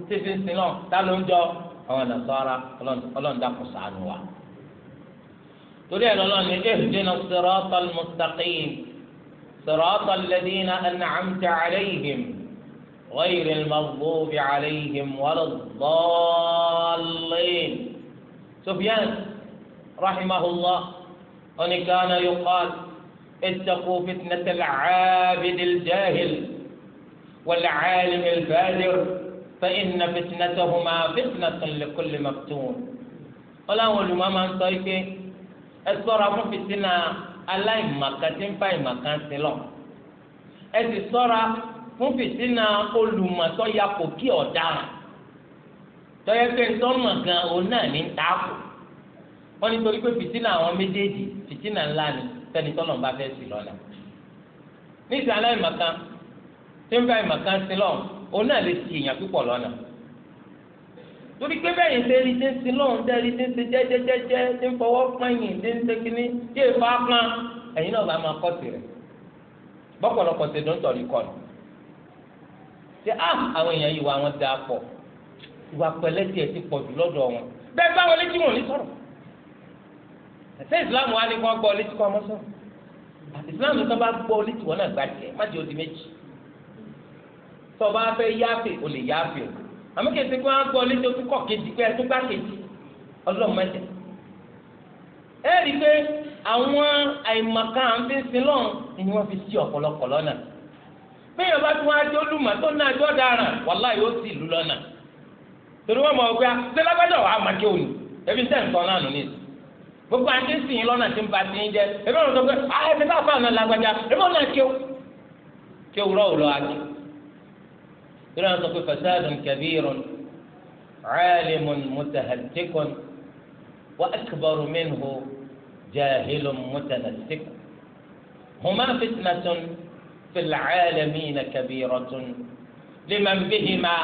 tí fi ń sin lọ àwọn wa torí صراط الذين أنعمت عليهم غير المغضوب عليهم ولا الضالين سفيان رحمه الله أن كان يقال اتقوا فتنة العابد الجاهل والعالم الفاجر فإن فتنتهما فتنة لكل مفتون ولا ولما من أمر أسرع السنة aláìmọ̀kan tí ń bá ìmọ̀kan sí lọ. ẹ sì sọ́ra fún fìtínà olùmọ̀tọ́ ya kò kí ọ̀daràn tọ́yẹ pé ntọ́mọ̀ gan òun náà ní ntaako wọ́n ní torí pé fìtínà àwọn méjèèjì fìtínà ńlá ni sẹ́ni tọ́lọ̀ ń bá fẹ́ sí lọ́la. níṣẹ́ aláìmọ̀kan tí ń bá ìmọ̀kan sí lọ́wọ́ òun náà lè ti èèyàn púpọ̀ lọ́nà torí pé bẹ́ẹ̀ yẹn ṣe rí ṣe ń sin lọ́hùn ṣe rí ṣe ń ṣe jẹ́jẹ́jẹ́jẹ́ ṣe ń fọwọ́ pẹ́yìn ṣe ń ṣe kínní ṣe é fa pọ́n ẹ̀yin náà bá máa kọ́sì rẹ̀ bọ́pọ̀lọpọ̀ ṣe dọ́ńtọ̀ rí kọ́ni. ṣé á ah, àwọn èèyàn yìí wá wọn da pọ̀ ìwà pẹ̀lẹ́ tiẹ̀ ti pọ̀ jù lọ́dọ̀ wọn bẹ́ẹ̀ bá wọn létí wọn ní sọ̀rọ̀ ẹ̀sẹ̀ ìsìláàmù wa ni wọ́n gbọ́ létí kọ́ ọmọ sọ̀rọ̀ ìsìláàmù tó bá gbọ́ létí wọn náà gbà tiẹ̀ má ti o lè àmọ́ kẹsì pé wọ́n á gbọ́ otu oṣù kejì pé ẹtú bá kejì ọlọ́mọdé ẹ rí i pé àwọn àìmọ̀ká àǹfẹ̀sìn lọ́n ni wọ́n fi sí ọ̀pọ̀lọpọ̀ lọ́nà bẹ́ẹ̀ bá tún wá jẹ́ olùmọ̀ tó náà jọ́ dára wàhálà yóò sì lù lọ́nà torí wọ́n mọ̀ ebi ń tẹ̀sán náà nù gbogbo ń sìn lọ́nà tí ń ba ti ń jẹ wọn sọ pé ah, ìrìn àwọn sọ pé fasadun kabirun alimun mutahadikun wa akbaru minhu jahilun mutanasikun huma fitnatun fi lacaalamiina kabiratun liman bihima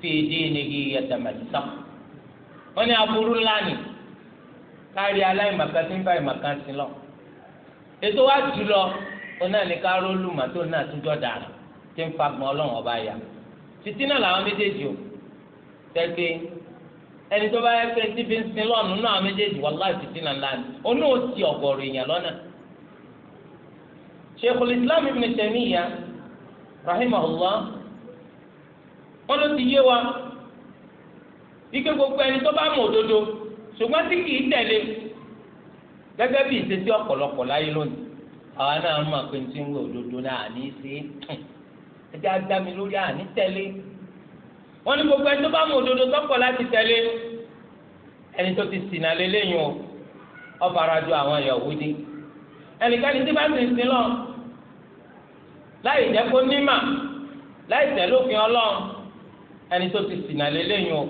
fi diinihi yatamasaq wọn ni aburú ńlá ni kárí aláìmọ̀kan tí ń bá ìmọ̀kan sí lọ. ètò wa jù lọ onáà ní ká rólùmọ̀ tó náà túnjọ́ dànù tí ń fagbọn ọlọ́run ọba yà fìtínà làwọn méjèèjì o tẹ́gbẹ́ ẹni tó bá yẹ pé tí fi ń sin lọ́ọ̀nù náà méjèèjì wàláì fìtínà ńlá ni onú ò ti ọ̀gọ̀rọ̀ èèyàn lọ́nà. Sheikhul Islam Ibn Taymiyyah rahimahullah wọn ló ti yé wa ike gbogbo ẹni tó bá mọ òdodo ṣùgbọ́n tí kì í tẹ̀lé gẹ́gẹ́ bí ìṣesí ọ̀pọ̀lọpọ̀ láyé lónìí àwa náà mọ̀ pé ti ń wọ òdodo náà ní í ṣe é ẹjẹ agbami lórí àní tẹ̀lé wọn ní gbogbo ẹni tó bá mọ òdodo tọpọ láti tẹ̀lé ẹni tó ti sìn alẹ lẹ́yìn o ọbara ju àwọn Yahudi ẹnikẹ́ni tí bá ti sin lọ láì jẹ́ kó nímà láì tẹ̀lé òfin Ọlọ́run ẹni tó ti sìn alẹ lẹ́yìn o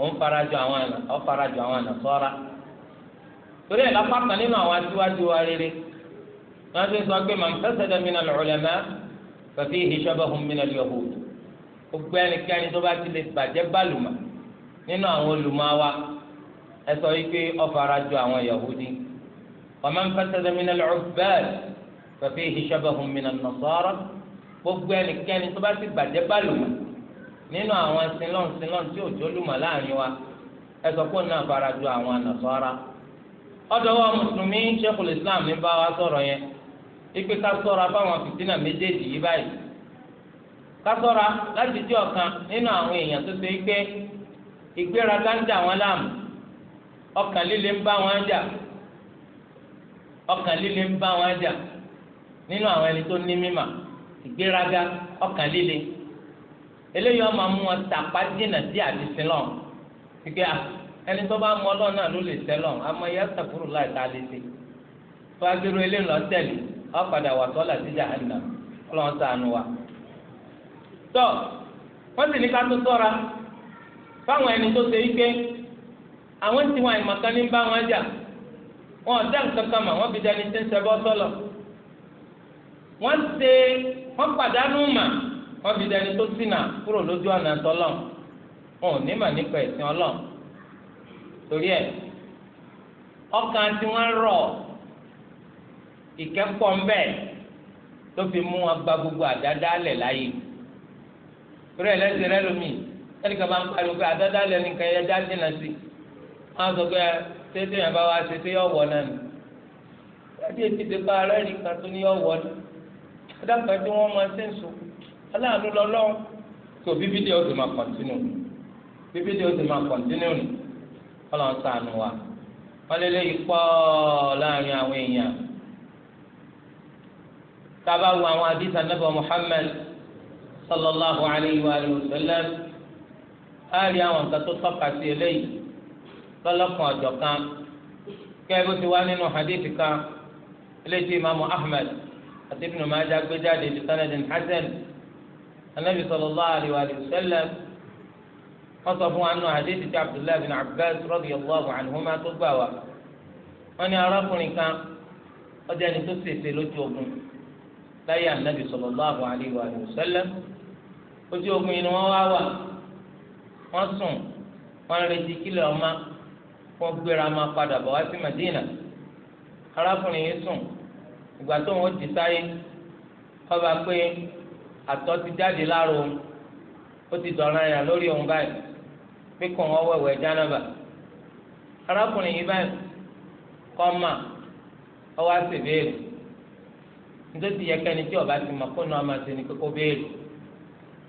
òun fara ju àwọn ọfara ju àwọn ànàfọra torí ẹ̀ lápá kan nínú àwọn atiwájú wa rere wọn ti sọ pé màmú fẹsẹ̀ dẹ́mi náà lọ́ọ́ lẹ́mẹ́ fàfi ìṣọba homina yọhù gbogbo ẹnikẹ́ni tó bá ti lè bàjẹ́ bálùmà nínú àwọn olùmọ̀wá ẹ sọ wípé ọ̀fara ju àwọn yahudi ọmọ nfẹsẹsẹ mina lọ́ọ̀bẹ́ẹ̀l fàfi ìṣọba homina nọ̀sọ́rọ́ gbogbo ẹnikẹ́ni tó bá ti bàjẹ́ bálùmà nínú àwọn sinlọ́n sinlọ́n tí òjò lùmọ̀ láàrin wa ẹ sọ pé náà fara ju àwọn nọ̀sọ́rọ́ ọ̀dọ́wọ́ mùsùlùmí sẹ́kùl islam ní bá sọ̀rọ̀ yẹn. ipe ká ṣọ́ra fáwọn fìtínà méjèèjì yìí báyìí ká ṣọ́ra láti jẹ́ ọ̀kan nínú àwọn èèyàn tó ṣe pé ìgbéraga ń dà wọ́n láàmú ọkàn líle ń bá wọn jà ọkàn líle ń bá wọn jà nínú àwọn ẹni tó ní mímà líle eléyìí mú wọn tàpá dínà sí àdìsí lọ ẹni tó bá ló lè lọ sàkúrò láì ta ṣe ọ̀padà wà sọ́là sí jahannam ọlọ́run sànù wa. tọ́ wọ́n sì ní ká tó fáwọn ẹni tó ṣe ike àwọn tí wọn àìmọ̀kan ní bá wọn jà wọn ò dá nǹkan kan wọ́n fi dání tí ń wọ́n ṣe wọ́n pàdánù mà wọ́n fi dání tó kúrò lójú ọ̀nà tọ́lọ̀ wọn ò ní mà nípa ẹ̀sìn torí ẹ̀ ọkàn tí wọ́n rọ̀ ìkẹ́kọ̀ọ́ ń bẹ̀ tó fi mú wọn gba gbogbo àdáda lẹ̀ láyé rẹ lẹ́sẹ̀ rẹ lómi ẹnìkan máa ń pariwo pé àdáda lẹ̀ nìkan yẹ dájú náà sí wọn á sọ pé tètè yẹn bá wá ṣe pé yọ wọ náà nù ẹbí ètí ti bá ara ẹni kan tó ní yọ wọ ni ẹdáàpẹ tí wọn máa ṣe ń sọ aláàánú lọlọ tó bí fídíò ó máa kọ̀ntínú bí fídíò ó máa kọ̀ntínú ni wọn lọ sànù wa wọn lé lé yìí láàrin àwọn èèyàn tábà wo àwọn àdìsá nàbà Muhammad sallallahu alayhi wa sallam á rí àwọn nǹkan tó tọ́ka sí eléyìí lọ́lọ́kan ọ̀jọ̀kan kẹ́ẹ́bù ti wá nínú hadithi kan eléyìí tí imaamu Ahmad àti Ibn Majah gbé jáde ní sanadin hasan anabi sallallahu alayhi wa sallam wọ́n sọ fún wa nínú hadithi tí abdullahi bin abbas radiyallahu anhuma tó gbà wá wọ́n ní arákùnrin kan ọjà ni tó ṣèṣe lójú ogun. láyé ànábì sallallahu alaihi wa sallam ojú ogun yìí ni wọ́n wá wà wọ́n sùn wọ́n retí kílẹ̀ ọmọ wọ́n gbéra padà wá sí Madina arákùnrin yìí sùn ìgbà tó sáyé pé ti jáde láàrọ̀ òun ó ti dọ̀ràn ẹ̀yà lórí òun báyìí pé kò wọ́n jánàbà arákùnrin yìí nítorí yẹ kẹ́ni tí ọba ti mọ̀ kó nu ọmọ àti ọba kókó béèrè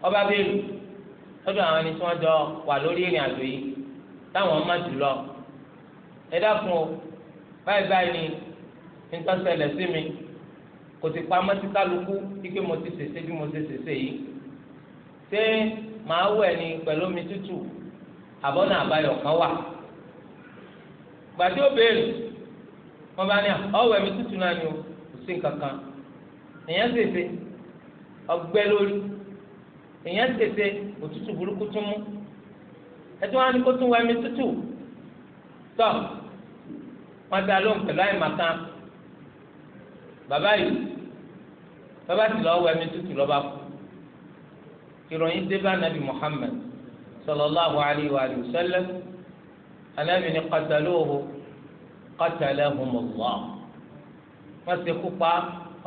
ọba béèrè lọ́dọ̀ àwọn ẹni tí wọ́n jọ wà lórí ìrìn àjò yìí táwọn ọmọ jù lọ ẹ dákun o báyìí báyìí ni ntọ́sẹ̀lẹ̀ sí mi ike mo ti bí mo yìí ṣé màá pẹ̀lú omi tútù àbọ̀nà àbáyọ̀ kan wà béèrè bá èèyàn ṣèṣe ọgbẹ́ lórí èèyàn ṣèṣe òtútù burúkú tún mú ẹtú wọn ni kó tún wọ ẹ̀mí tútù tọ wọn ti alóhùn pẹ̀lú àìmọ̀kan bàbá yìí bàbá ti lọ wọ ẹ̀mí tútù lọba kú ìròyìn dé bá nàbì Muhammad sallallahu alayhi wa sallam anabi ni qataluhu qatalahumullah wọn ti kú pa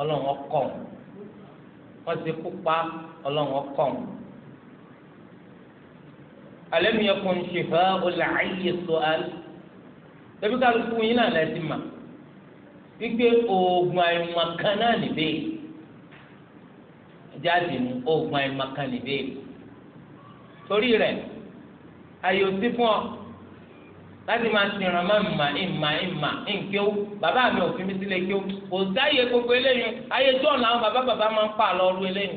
ọlọ́run ọkọ̀ wọ́n ti kú pa ọlọ́run ọkọ̀ alẹ́ mi yẹ kún ṣèfà ọ̀là ayé sọ alẹ́ tẹbi kálukú yín náà lẹ́sí ma wípé oògùn àìmọ̀kan náà níbẹ̀ jáde mu oògùn àìmọ̀kan níbẹ̀ torí rẹ̀ àyè òsì fún ọ. láti máa ti ràn má mà ìmà ìmà ìkéwú bàbá mi ò fi mí sílẹ̀ kéwú kò sí ayé gbogbo eléyìí ayé ọ̀nà àwọn bàbá bàbá máa ń pa àlọ́ọ̀rù eléyìí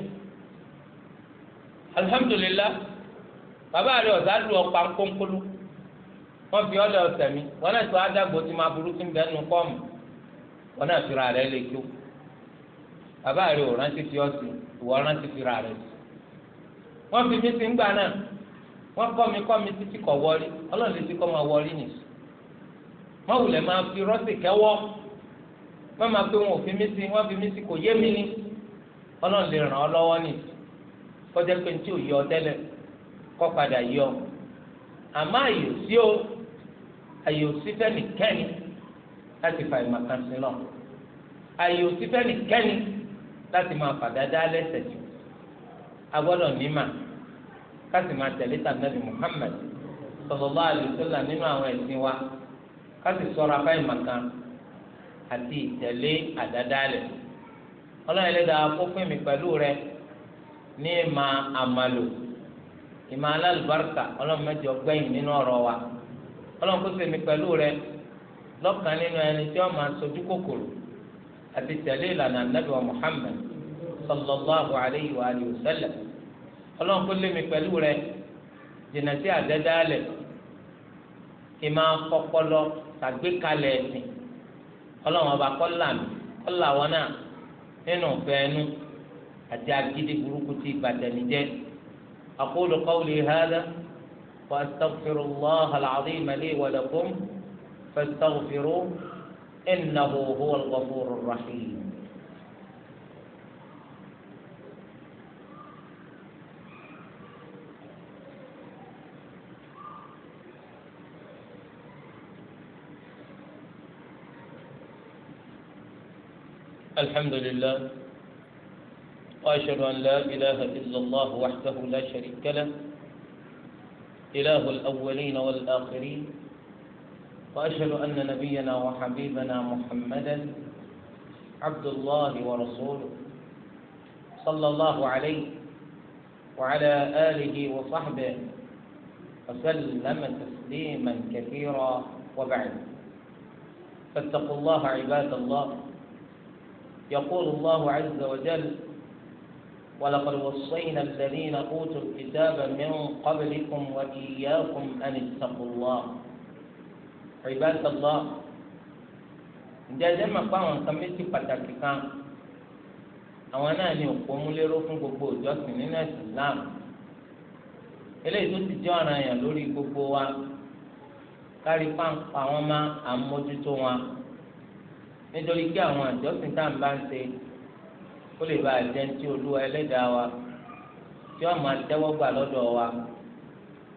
alihamudulila bàbá rẹ ọ̀sá lu ọ̀pá ńkónkóló wọ́n fi ọ́ ọ̀sẹ̀ mi wọ́n náà tó adágbò tí máa burú sí ń bẹ́ nu kọ́ọ̀mù wọ́n náà fira rẹ lè kéwú bàbá rẹ ò wọ́n kọ́ mi kọ́ mi títí kọ̀ wọlé ọlọ́run lè ti kọ́ máa wọlé nì mọ́wùlẹ̀ máa fi rọ́ọ̀sì kẹ́wọ́ wọ́n máa pé wọn ò fi mí sí wọ́n fi mí sí kò yé mi ni ọlọ́run lè ràn ọ́ lọ́wọ́ nì kọjá pé ní tí ò yọ tẹ́lẹ̀ kọ́ padà yọ àmọ́ àyò sí o àyò sí fẹ́nìkẹ́ni láti fa ìmọ̀ kan sí lọ àyò sí fẹ́nìkẹ́ni láti máa fàdádá lẹ́sẹ̀ jù agbọ́dọ̀ nímà kásì máa tẹ̀lé tànàbí Muhammad sallallahu alaihi wasallam nínú àwọn ẹ̀sìn wa kásì sọra fáyìn màkàn àti ìtẹ̀lé àdádálẹ̀ ọlọ́run ẹlẹ́dàá kó fún mi pẹ̀lú rẹ ní ìmà àmàlò ìmà alálùbáríkà ọlọ́run mẹ́jọ gbẹ̀yìn nínú ọ̀rọ̀ wa ọlọ́run kó sèmi pẹ̀lú rẹ lọ́kàn nínú ẹni tí wọ́n máa sojú kòkòrò àti tẹ̀lé ìlànà ànábì wa Muhammad sallallahu alayhi wa sallam ọlọ́run kó lé mi pẹ̀lú rẹ jìnnà sí àdẹ́dálẹ̀ kí n máa kọ́kọ́lọ́ tàgbékalẹ̀ ẹ̀sìn ọlọ́run ọba kọ́là mi kọ́là wọn náà nínú fẹ́ẹ́nu àti agídí burúkú ti bàtẹ́nijẹ́ aqulu qawli hadha wa astaghfirullah al-azim li wa lakum fastaghfiruhu innahu huwal ghafurur rahim. الحمد لله وأشهد أن لا إله إلا الله وحده لا شريك له إله الأولين والآخرين وأشهد أن نبينا وحبيبنا محمدا عبد الله ورسوله صلى الله عليه وعلى آله وصحبه وسلم تسليما كثيرا وبعد فاتقوا الله عباد الله يقول الله عز وجل ولقد وصينا الذين أوتوا الكتاب من قبلكم وإياكم أن اتقوا الله عباد الله jẹjẹ máa pa àwọn nǹkan méjì pàtàkì kan àwọn náà ní òpó múléró fún gbogbo ìjọsìn nínú ẹsìn Islam eléyìí tó ti jẹ ọ̀ranyàn lórí gbogbo wa kárí pàǹpà wọn má àmójútó wọn nítorí kí àwọn àjọsìn tá à ń bá ń ṣe ó lè bá àjẹ tí olúwa ẹlẹ́dàá wa tí wọ́n máa tẹ́wọ́ gbà lọ́dọ̀ wa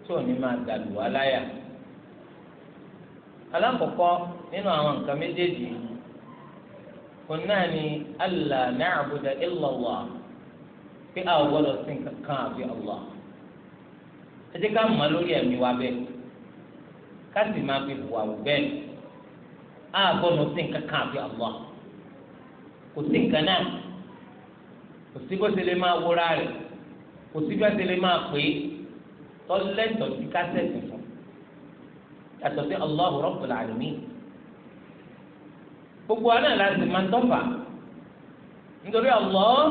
tí ò ní máa dàlù wá láyà. alákọ̀ọ́kọ́ nínú àwọn nǹkan méjèèjì òun náà ni allah na'budu illallah pé a ò gbọ́dọ̀ sìn kankan àfi allah. ẹ jẹ́ ká mọ̀ lórí ẹ̀mí wa bẹ́ẹ̀ ká sì máa fi hùwà wù bẹ́ẹ̀ á gbọ́dọ̀ sí nǹkan kan àfi Allah kò sí nǹkan náà kò sí bó ṣe lè máa wúra rẹ̀ kò sí bó ṣe lè máa pè é tọ́lẹ́tọ̀ sí kásẹ̀tì fún yàtọ̀ sí Allahu Rabbul Alamin gbogbo àná láti máa ń nítorí Allah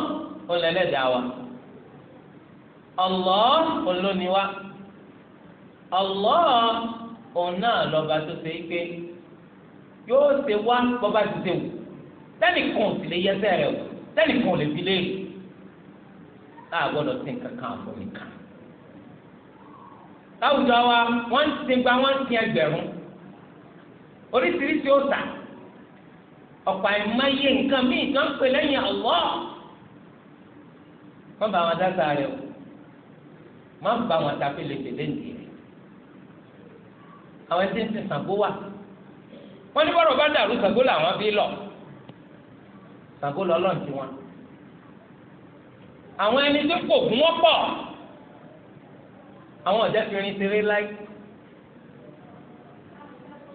olẹ́lẹ́dàá wa Allah olóniwa Allah òun lọ́ba tó ṣe é pé yóò ṣe wá bọ́ba ti ṣe wò tẹ́nìkan ò sì lè yẹsẹ̀ rẹ̀ wò tẹ́nìkan ò lè fi léèrè e. a gbọ́dọ̀ sí nǹkan kan àbọ̀ nìkan. láwùjọ wa wọ́n ń sin gba wọ́n ń sin ẹgbẹ̀rún oríṣiríṣi òòṣà ọ̀pọ̀ àìmọye nǹkan míì tó pè lẹ́yìn Allah wọ́n bá wọn dáta rẹ̀ o má bá wọn ta pélépélé nìyẹn àwọn ẹni tí ń sin Ṣàngó wà wọ́n ní bọ́rọ̀ bá dàrú Ṣàngó làwọn fi lọ Sago lọ ti wọn. àwọn ẹni tí kò gún wọ́n pọ̀ àwọn ọ̀jẹ́ fi ṣeré láì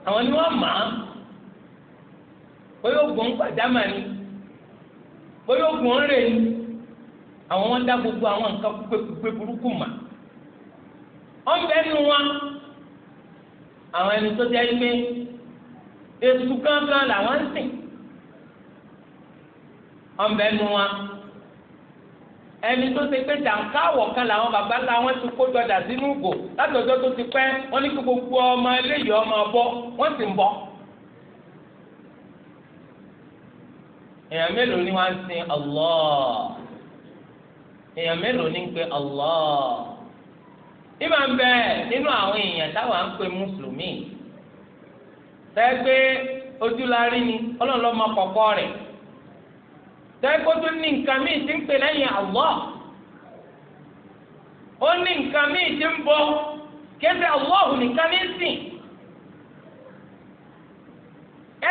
àwọn ni wọn mọ̀ án bóyá ogun gbàdámà ni bóyá ogun ni àwọn wọn dá gbogbo àwọn nǹkan pépé burúkú mà wọn àwọn ẹni tó èṣù gángan la ń sìn ọ̀nbẹ nu wọn ẹni tó ṣe pé jàǹkáwọ̀ kan làwọn bàbá ńlá ti kó jọdà sínú ìgò láti ọjọ́ tó ti pẹ wọ́n ní kí gbogbo ọmọ eléyìí ọmọ ọbọ wọ́n sì ń bọ́. èèyàn mélòó ni wọ́n á sin Allah èèyàn tẹ́gbẹ́ ojú la ni ọlọ́run lọ́mọ kọ̀ọ̀kọ́ rẹ̀ tẹ́gbẹ́ tó ní nǹkan ti ń pè lẹ́yìn Allah ó ní nǹkan míì ti ń bọ kéde nìkan ní sìn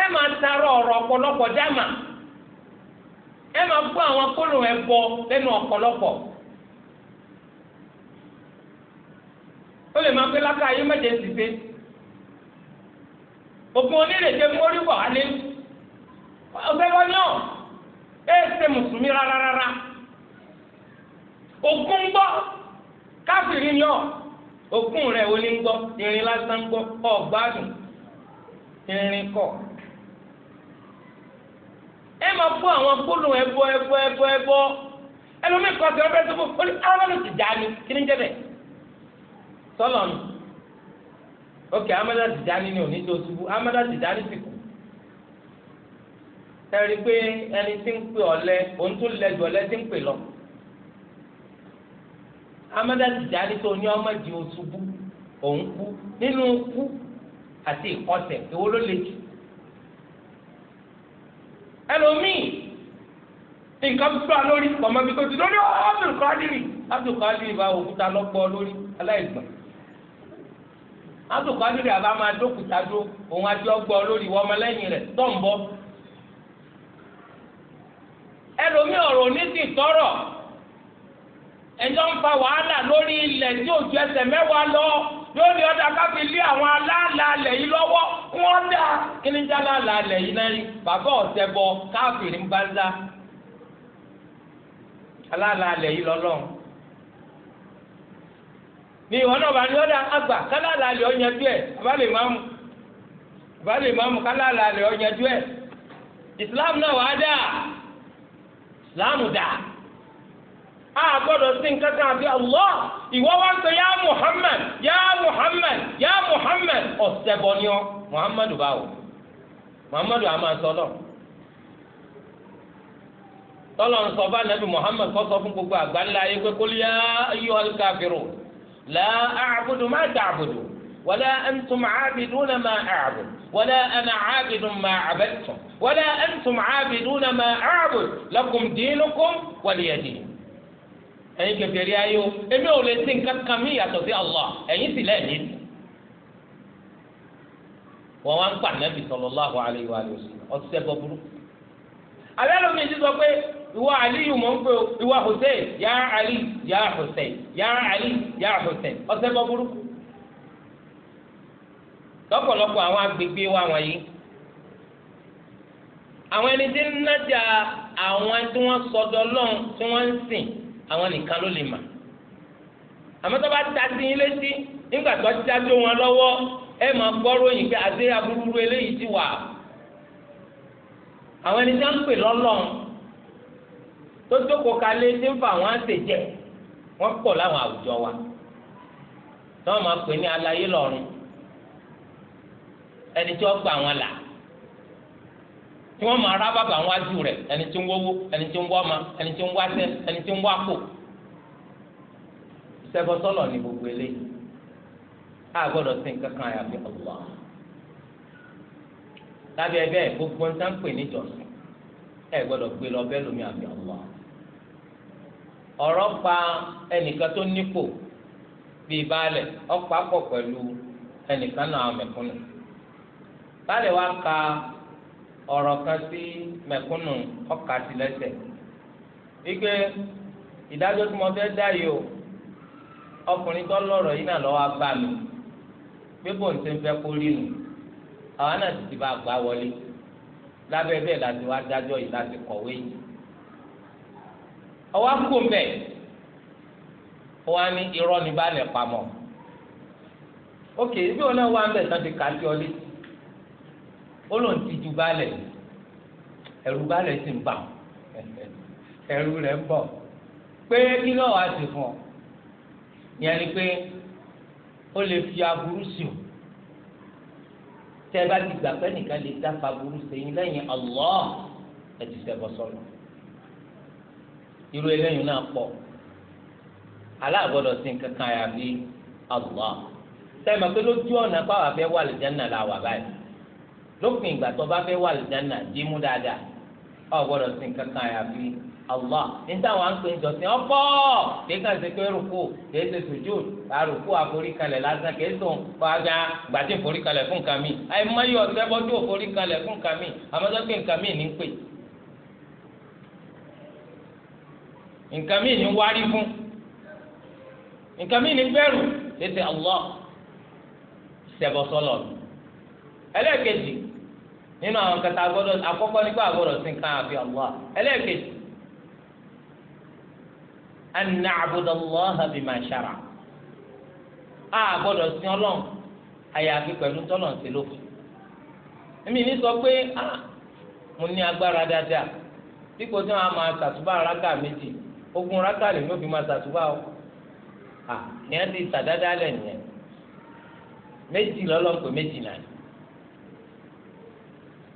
ẹ máa tarọ ọ̀rọ̀ ọ̀pọ̀lọpọ̀ dáàmà ẹ máa gbọ́ àwọn ẹ bọ lẹ́nu ogun onírèké mórí bọ̀ alẹ́ ọ̀gbẹ́ náà mùsùlùmí rárá rárá gbọ́ káfíìrì náà ògùn rẹ̀ wọlé ń gbọ́ irin lásán gbọ́ ọ̀gbádùn irin kọ̀ ẹ máa bọ́ àwọn gbólóhùn ẹbọ ẹbọ ẹbọ ẹbọ ẹlòmíkan ti ọbẹ̀ tó bọ̀ ó ní ti ok amada tìjáni ni òní tó amada tìjáni ti si ẹrí pé ẹni tí ń pè ọ̀lẹ òun tún lẹ jù tí lọ amada tìjáni tó ní ọmọ di òṣubú òun kú nínú kú àti ìkọsẹ̀ èwo ló le jù ẹlòmíì nǹkan tó a lórí ti lórí bá òkúta azùkọ adúlé àbá máa ma dó òun àti ọgbọ lórí ìwọ ọmọlẹ́yìn rẹ̀ tó ń bọ̀. ẹjọ́ ń fa wàhálà lórí ilẹ̀ tí òjò ẹsẹ̀ mẹ́wàá lọ ní ọjà káfí lé àwọn aláàlá alẹ̀ yìí yìí bàbá ní ìwọ náà bá ní ọ̀dà àgbà kálálà lè ọ̀yanjú ẹ̀ bá lè máa mú bá lè máa mú kálálà lè ọ̀yanjú ẹ̀ daa ha dà ìsìláàmù dà kan Allah ìwọ wá ń Muhammad yá Muhammad yá Muhammad ọ̀sẹ̀ ni ọ Muhammadu bawo Muhammadu àmà sọlọ tọ́lọ̀ ń sọ bá nàbì gbogbo àgbáńlá لا أعبد ما تعبدون ولا أنتم عابدون ما أعبد ولا أنا عابد ما عبدتم ولا أنتم عابدون ما أعبد لكم دينكم ولي دين ẹ̀yin kẹfẹẹri ayé o èmi ò lè sin kankan mi yàtọ̀ sí Allah ẹ̀yin sì lẹẹni sí wọn wá ń pa nàbì sallallahu alaihi wa sallam ọsẹ bọ burú alẹ́ lómi ti sọ pé ìwọ aliyu mọ̀ ń pè o ìwọ hussein yà ali yà hussein yà ali yà hussein ọ̀sẹ̀ bọ́ burúkú. lọ́pọ̀lọpọ̀ àwọn agbègbè wa wọ̀nyí àwọn ẹni tí ń nájà àwọn tí wọ́n sọdọ̀ lọ́n tí wọ́n ń sìn àwọn nìkan ló lè mà àmọ́ tó bá ta sí ilé sí nígbà tó wọn lọ́wọ́ ẹ máa gbọ́rọ̀ yìí pé ti wà àwọn ẹni tó jókòó kalẹ̀ tí ń fa àwọn àṣejẹ wọ́n pọ̀ láwọn àwùjọ wa tí wọ́n máa pè ní alayé lọ́rùn ẹni tí wọ́n gba àwọn là tí wọ́n máa rábà bá àwọn ajú rẹ̀ ẹni tí ń wọ́wọ́ ẹni tí ń wọ́ ọmọ ẹni tí ń wọ́ asẹ́ ẹni tí ń wọ́ àpò sẹ́fọ́sọ́lọ̀ ni gbogbo eléyìí a gbọ́dọ̀ sin kankan àyàfi ọ̀gbọ́n lábẹ́ ẹbẹ́ gbogbo ń tán pè níjọ́sìn ẹ gbọ́dọ̀ gbé lọ bẹ́ẹ̀ lómi àfi ọ̀gbọ́n. ọ̀rọ̀ pa ẹnìkan tó nípò bíi baálẹ̀ ọ̀pá pẹ̀lú ẹnìkan náà mẹ̀kúnnù baálẹ̀ wa ka ọ̀rọ̀ kan sí mẹ̀kúnnù ọkà sí lẹ́sẹ̀ wípé ìdájọ́ tí mo fẹ́ dá yìí o ọkùnrin tó yìí náà lọ́wọ́ mi pé bò ń ṣe ń fẹ́ kó rí nu náà ọwọ́ akó mbẹ́ wọ́n á ní irọ́ ní bá lẹ̀ pamọ́ ok ibi wọn náà wà mbẹ́ sọ́ọ́ ti kà á sí ọ létí ó lòun ti ju bá lẹ̀ ẹ̀rù bá lẹ̀ sì ń bà ẹ̀rù rẹ̀ ń bọ̀ pé kí náà wàá ti fún ọ yẹn ni pé ó lè fi aburú sí o bá ti gbà nìkan lè dáfa aburú sẹ́yìn lẹ́yìn Allah ẹ ti sẹ́bọ̀ sọ́nù irú eléyìí náà pọ̀ aláàbọ̀dọ̀ sí kankan àyàfi Allah sẹ́mi pé lójú ọ̀nà pàwọ́ abẹ́ wà lìjánà la wà báyìí lópin ìgbà tó bá fẹ́ wà lìjánà dì mú dáadáa ọ̀gbọ́dọ̀ sí kankan àyàfi Allah níta wà ń pè ń jọsìn ọ̀pọ̀ kéka ṣe pé rúkú kìí ṣe sùjú àrùkú àforíkalẹ̀ lásán kìí sùn fàájà gbàdé foríkalẹ̀ fún kàmí àìmọye ọ̀sẹ̀ bọ́dún òforíkalẹ̀ fún kàmí àmọ́tọ́ nǹkan nwari ní wárí fún nǹkan míì ní bẹ̀rù tètè Allah sẹbọsọlọ ẹlẹ́ẹ̀kejì nínú àwọn kẹta gbọ́dọ̀ àkọ́kọ́ nípa àgbọ́dọ̀ sí nǹkan àfi Allah ẹlẹ́ẹ̀kejì an na'budu Allah bima shara a gbọ́dọ̀ sí Ọlọ́run àyàfi pẹ̀lú tọlọ ń lófin èmi ní sọ pé ah, mo ní agbára dáadáa dípò tí wọn máa ṣàtúbà rákà méjì ogun rákàlì ló fi máa ṣàtúbà o à ní ẹ ti ṣàdádá lẹ nìyẹn méjì lọlọpẹ méjì náà ni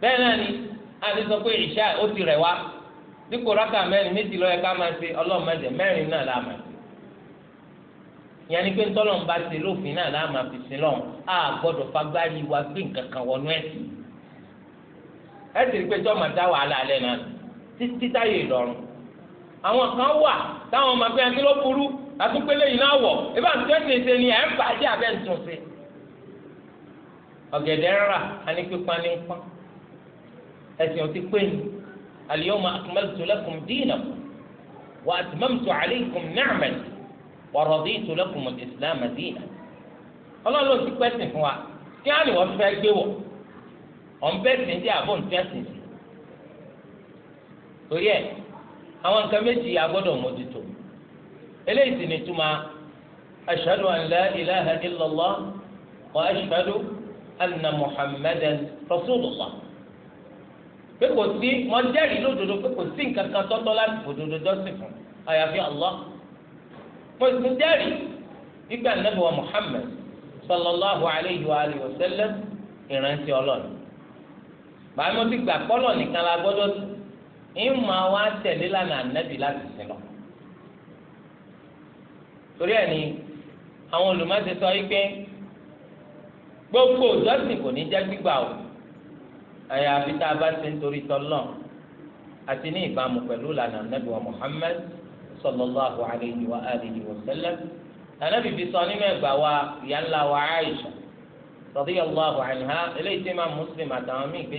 bẹ́ẹ̀ náà ni a ti sọ pé ìṣá ó ti rẹ̀ wá dípò rákà mẹ́rin méjì ló yẹ ká máa ṣe ọlọ́mọdé mẹ́rin náà la máa ṣe ìyẹn ni pé ntọ́lọ̀ ń bá ṣe lófin náà la máa fi sin lọ́hùn á gbọ́dọ̀ fagbárí wa gbé nǹkan kan wọnú ẹ̀sìn ẹ̀sìn pé tí ọmọ dá wàhálà alẹ́ náà títí táyé ìdọ̀rùn àwọn kan wà táwọn ọmọ bíi àti ló burú àtúpélé yìí náà wọ̀ ebá ń tẹ́sí ṣe ni ẹ̀ ń bàjẹ́ abẹ́ ń tún ṣe. ọ̀gẹ̀dẹ̀ rà àní pípa ní pọ́n ẹ̀sìn ò ti pé ni al-yawma akmaltu lakum dinakum wa atmamtu alaykum ni'mati wa raditu lakum islam dinan. ọlọ́run ló ti pẹ́sìn fún wa kí àwọn nǹkan méjì agbọ́dọ̀ mójútó eléyìí sì ni túmọ̀ ashhadu an la ilaha illallah wa ashhadu anna muhammadan rasulullah pé kò sí mo jẹ́rìí lódodo pé kò sí nǹkan kan tọ́tọ́ láti fòdodo jọ́sìn fún àyàfi allah mo sì jẹ́rìí nígbà nàbẹ̀ wa muhammad sallallahu alayhi wa sallam ìrántí ọlọ́run bàá mo ti gbà pọ́lọ̀ nìkan la gbọ́dọ̀ sùn ìmọ̀ àwọn àtẹ̀lé lánàá nẹ́bí láti sin lọ. torí ẹ̀ ni àwọn olùmọ̀ọ́sẹ̀ sọ yìí pé gbogbo òjọ́sìn kò ní jẹ́ gbígbà o àyàfi tá a bá ṣe ń torí tọ́lọ́ àti ní ìbámu pẹ̀lú lànà nàbì wa Muhammad sallallahu alayhi wa alihi wa sallam nànàbì fi sọ nínú ẹgbà wa ìyá ńlá wa Aisha radiyallahu anha eléyìí tí máa Muslim àtàwọn míì gbé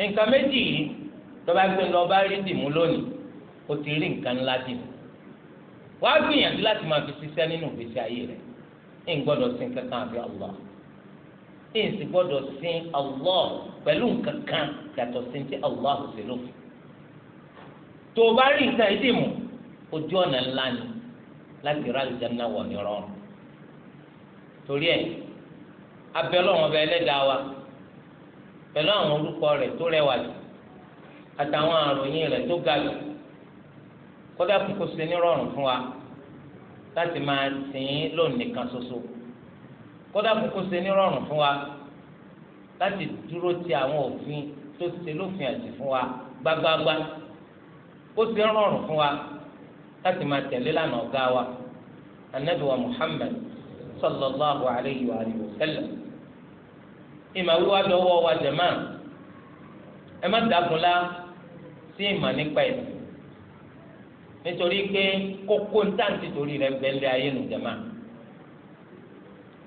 nǹkan méjì yìí tọ́ba gbé lọ bá rí dìmú lónìí ó ti rí nǹkan ńlá dìmú wàá gbìyànjú láti máa fi ṣiṣẹ́ nínú ìgbésí ayé rẹ̀ ń gbọ́dọ̀ sin kankan àbí Allah ẹ̀ ń sì gbọ́dọ̀ sin Allah pẹ̀lú nǹkan kan yàtọ̀ sí ti Allah ṣe lófin tó o bá rí nǹkan ìdìmú ojú ọ̀nà ńlá ni láti rà àlùjánnà wọ̀ ní rọrùn torí ẹ̀ abẹ́ ọlọ́run ọba ẹlẹ́dàá wa pẹ̀lú àwọn orúkọ rẹ̀ tó rẹwà jù àtàwọn àròyìn rẹ̀ tó ga jù kódà kókó ṣe nírọ̀rùn fún wa láti máa sìn ín lónìí kan ṣoṣo kódà kókó ṣe nírọ̀rùn fún wa láti dúró ti àwọn òfin tó ṣe lófin àti fún wa gbágbágbá ó ṣe rọrùn fún wa láti máa tẹ̀lé lánàá ọ̀gá wa anabi wa sallallahu alayhi wa sallam ìmọ̀ wíwá dọ́wọ́ wa jẹ̀má ẹ má dàgúnlá sí ìmọ̀ nípa ẹ̀ nítorí pé kókó ntáǹtì torí rẹ̀ bẹ́ẹ̀lẹ̀ ayé nu jẹ̀má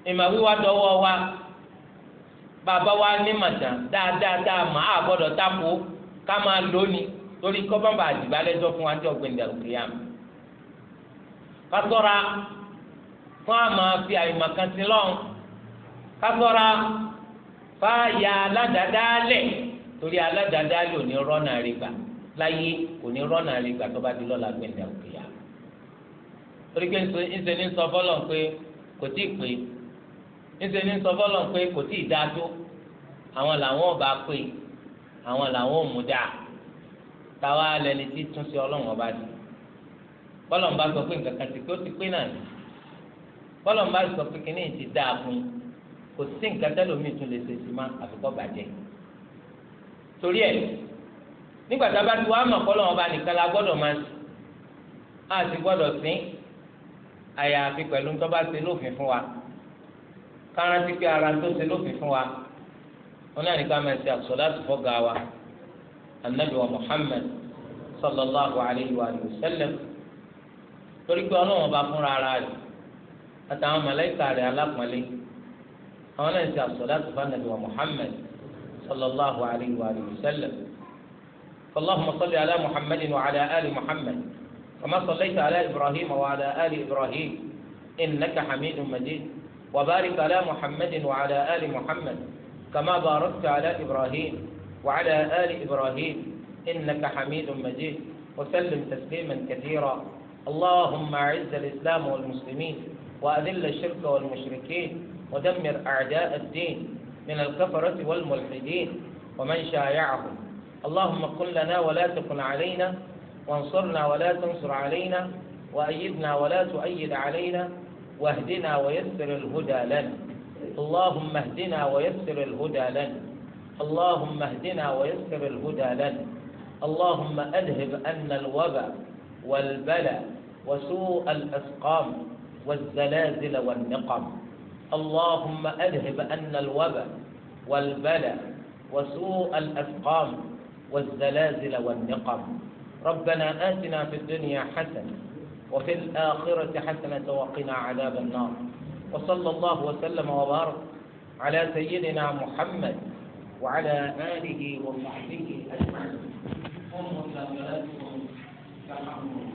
ìmọ̀ wíwá dọ́wọ́ wa bàbá wa ní màtà dáadáa dáa mà á gbọ́dọ̀ tako ká máa lónìí torí kọ́bọ̀nba àdìbálẹ́jọ́ fún wa ń jọ gbẹ̀ndẹ̀lùkìyàm kátọ́ra fún àmà fi àyè màkàntì lọ́n kátọ́ra fáyà aládàádáálẹ̀ torí aládàádáálẹ̀ ò ní rọ́nà àrígbà láyé kò ní rọ́nà àrígbà tó bá di lọ́la gbẹ̀ndẹ̀ òkè yá torí pé ńṣe ní sọ fọlọ́n pé kò tí ì pé ńṣe ní sọ fọlọ́n pé kò tí ì dáa tó àwọn làwọn ọba pé àwọn làwọn ò mú dáa táwa lẹni tí tún sí ọlọ́run ọba dì bọ́lọ̀ bá sọ pé nǹkan kan ti pé ó ti pé náà ni bọ́lọ̀ bá sọ pé kínní ti dáa fún yín kò sí nǹkan tẹ́lómi tún lè ṣe sí ma àfikọ́ bàjẹ́ torí ẹ̀ nígbà tá a bá ti wá mọ̀ kọ́ lọ́wọ́ bá nìkan la gbọ́dọ̀ máa sìn á sì gbọ́dọ̀ sìn àyàfi pẹ̀lú tó bá ṣe lófin fún wa kárántí pé ara tó ṣe lófin fún wa wọn náà ní máa ṣe àsọ̀láṣì fọ́gà wa anabi wa Muhammad sallallahu alayhi wa sallam torí pé ọlọ́wọ́n bá fúnra ara rẹ̀ àtàwọn mọ̀lẹ́kà rẹ̀ alápọ̀nlé. àwọn náà ṣe àsọ̀láàtù ومحمد صلى الله عليه واله وسلم wa اللهم صل على محمد وعلى آل محمد كما صليت على إبراهيم وعلى آل إبراهيم إنك حميد مجيد وبارك على محمد وعلى آل محمد كما باركت على إبراهيم وعلى آل إبراهيم إنك حميد مجيد وسلم تسليما كثيرا اللهم أعز الإسلام والمسلمين وأذل الشرك والمشركين ودمر أعداء الدين من الكفرة والملحدين ومن شايعهم اللهم قل لنا ولا تكن علينا وانصرنا ولا تنصر علينا وأيدنا ولا تؤيد علينا واهدنا ويسر الهدى لنا اللهم اهدنا ويسر الهدى لنا اللهم اهدنا ويسر الهدى لنا اللهم أذهب أن الوباء والبلاء وسوء الأسقام والزلازل والنقم اللهم أذهب أن الوباء والبلاء وسوء الأسقام والزلازل والنقم ربنا آتنا في الدنيا حسنة وفي الآخرة حسنة وقنا عذاب النار وصلى الله وسلم وبارك على سيدنا محمد وعلى آله وصحبه أجمعين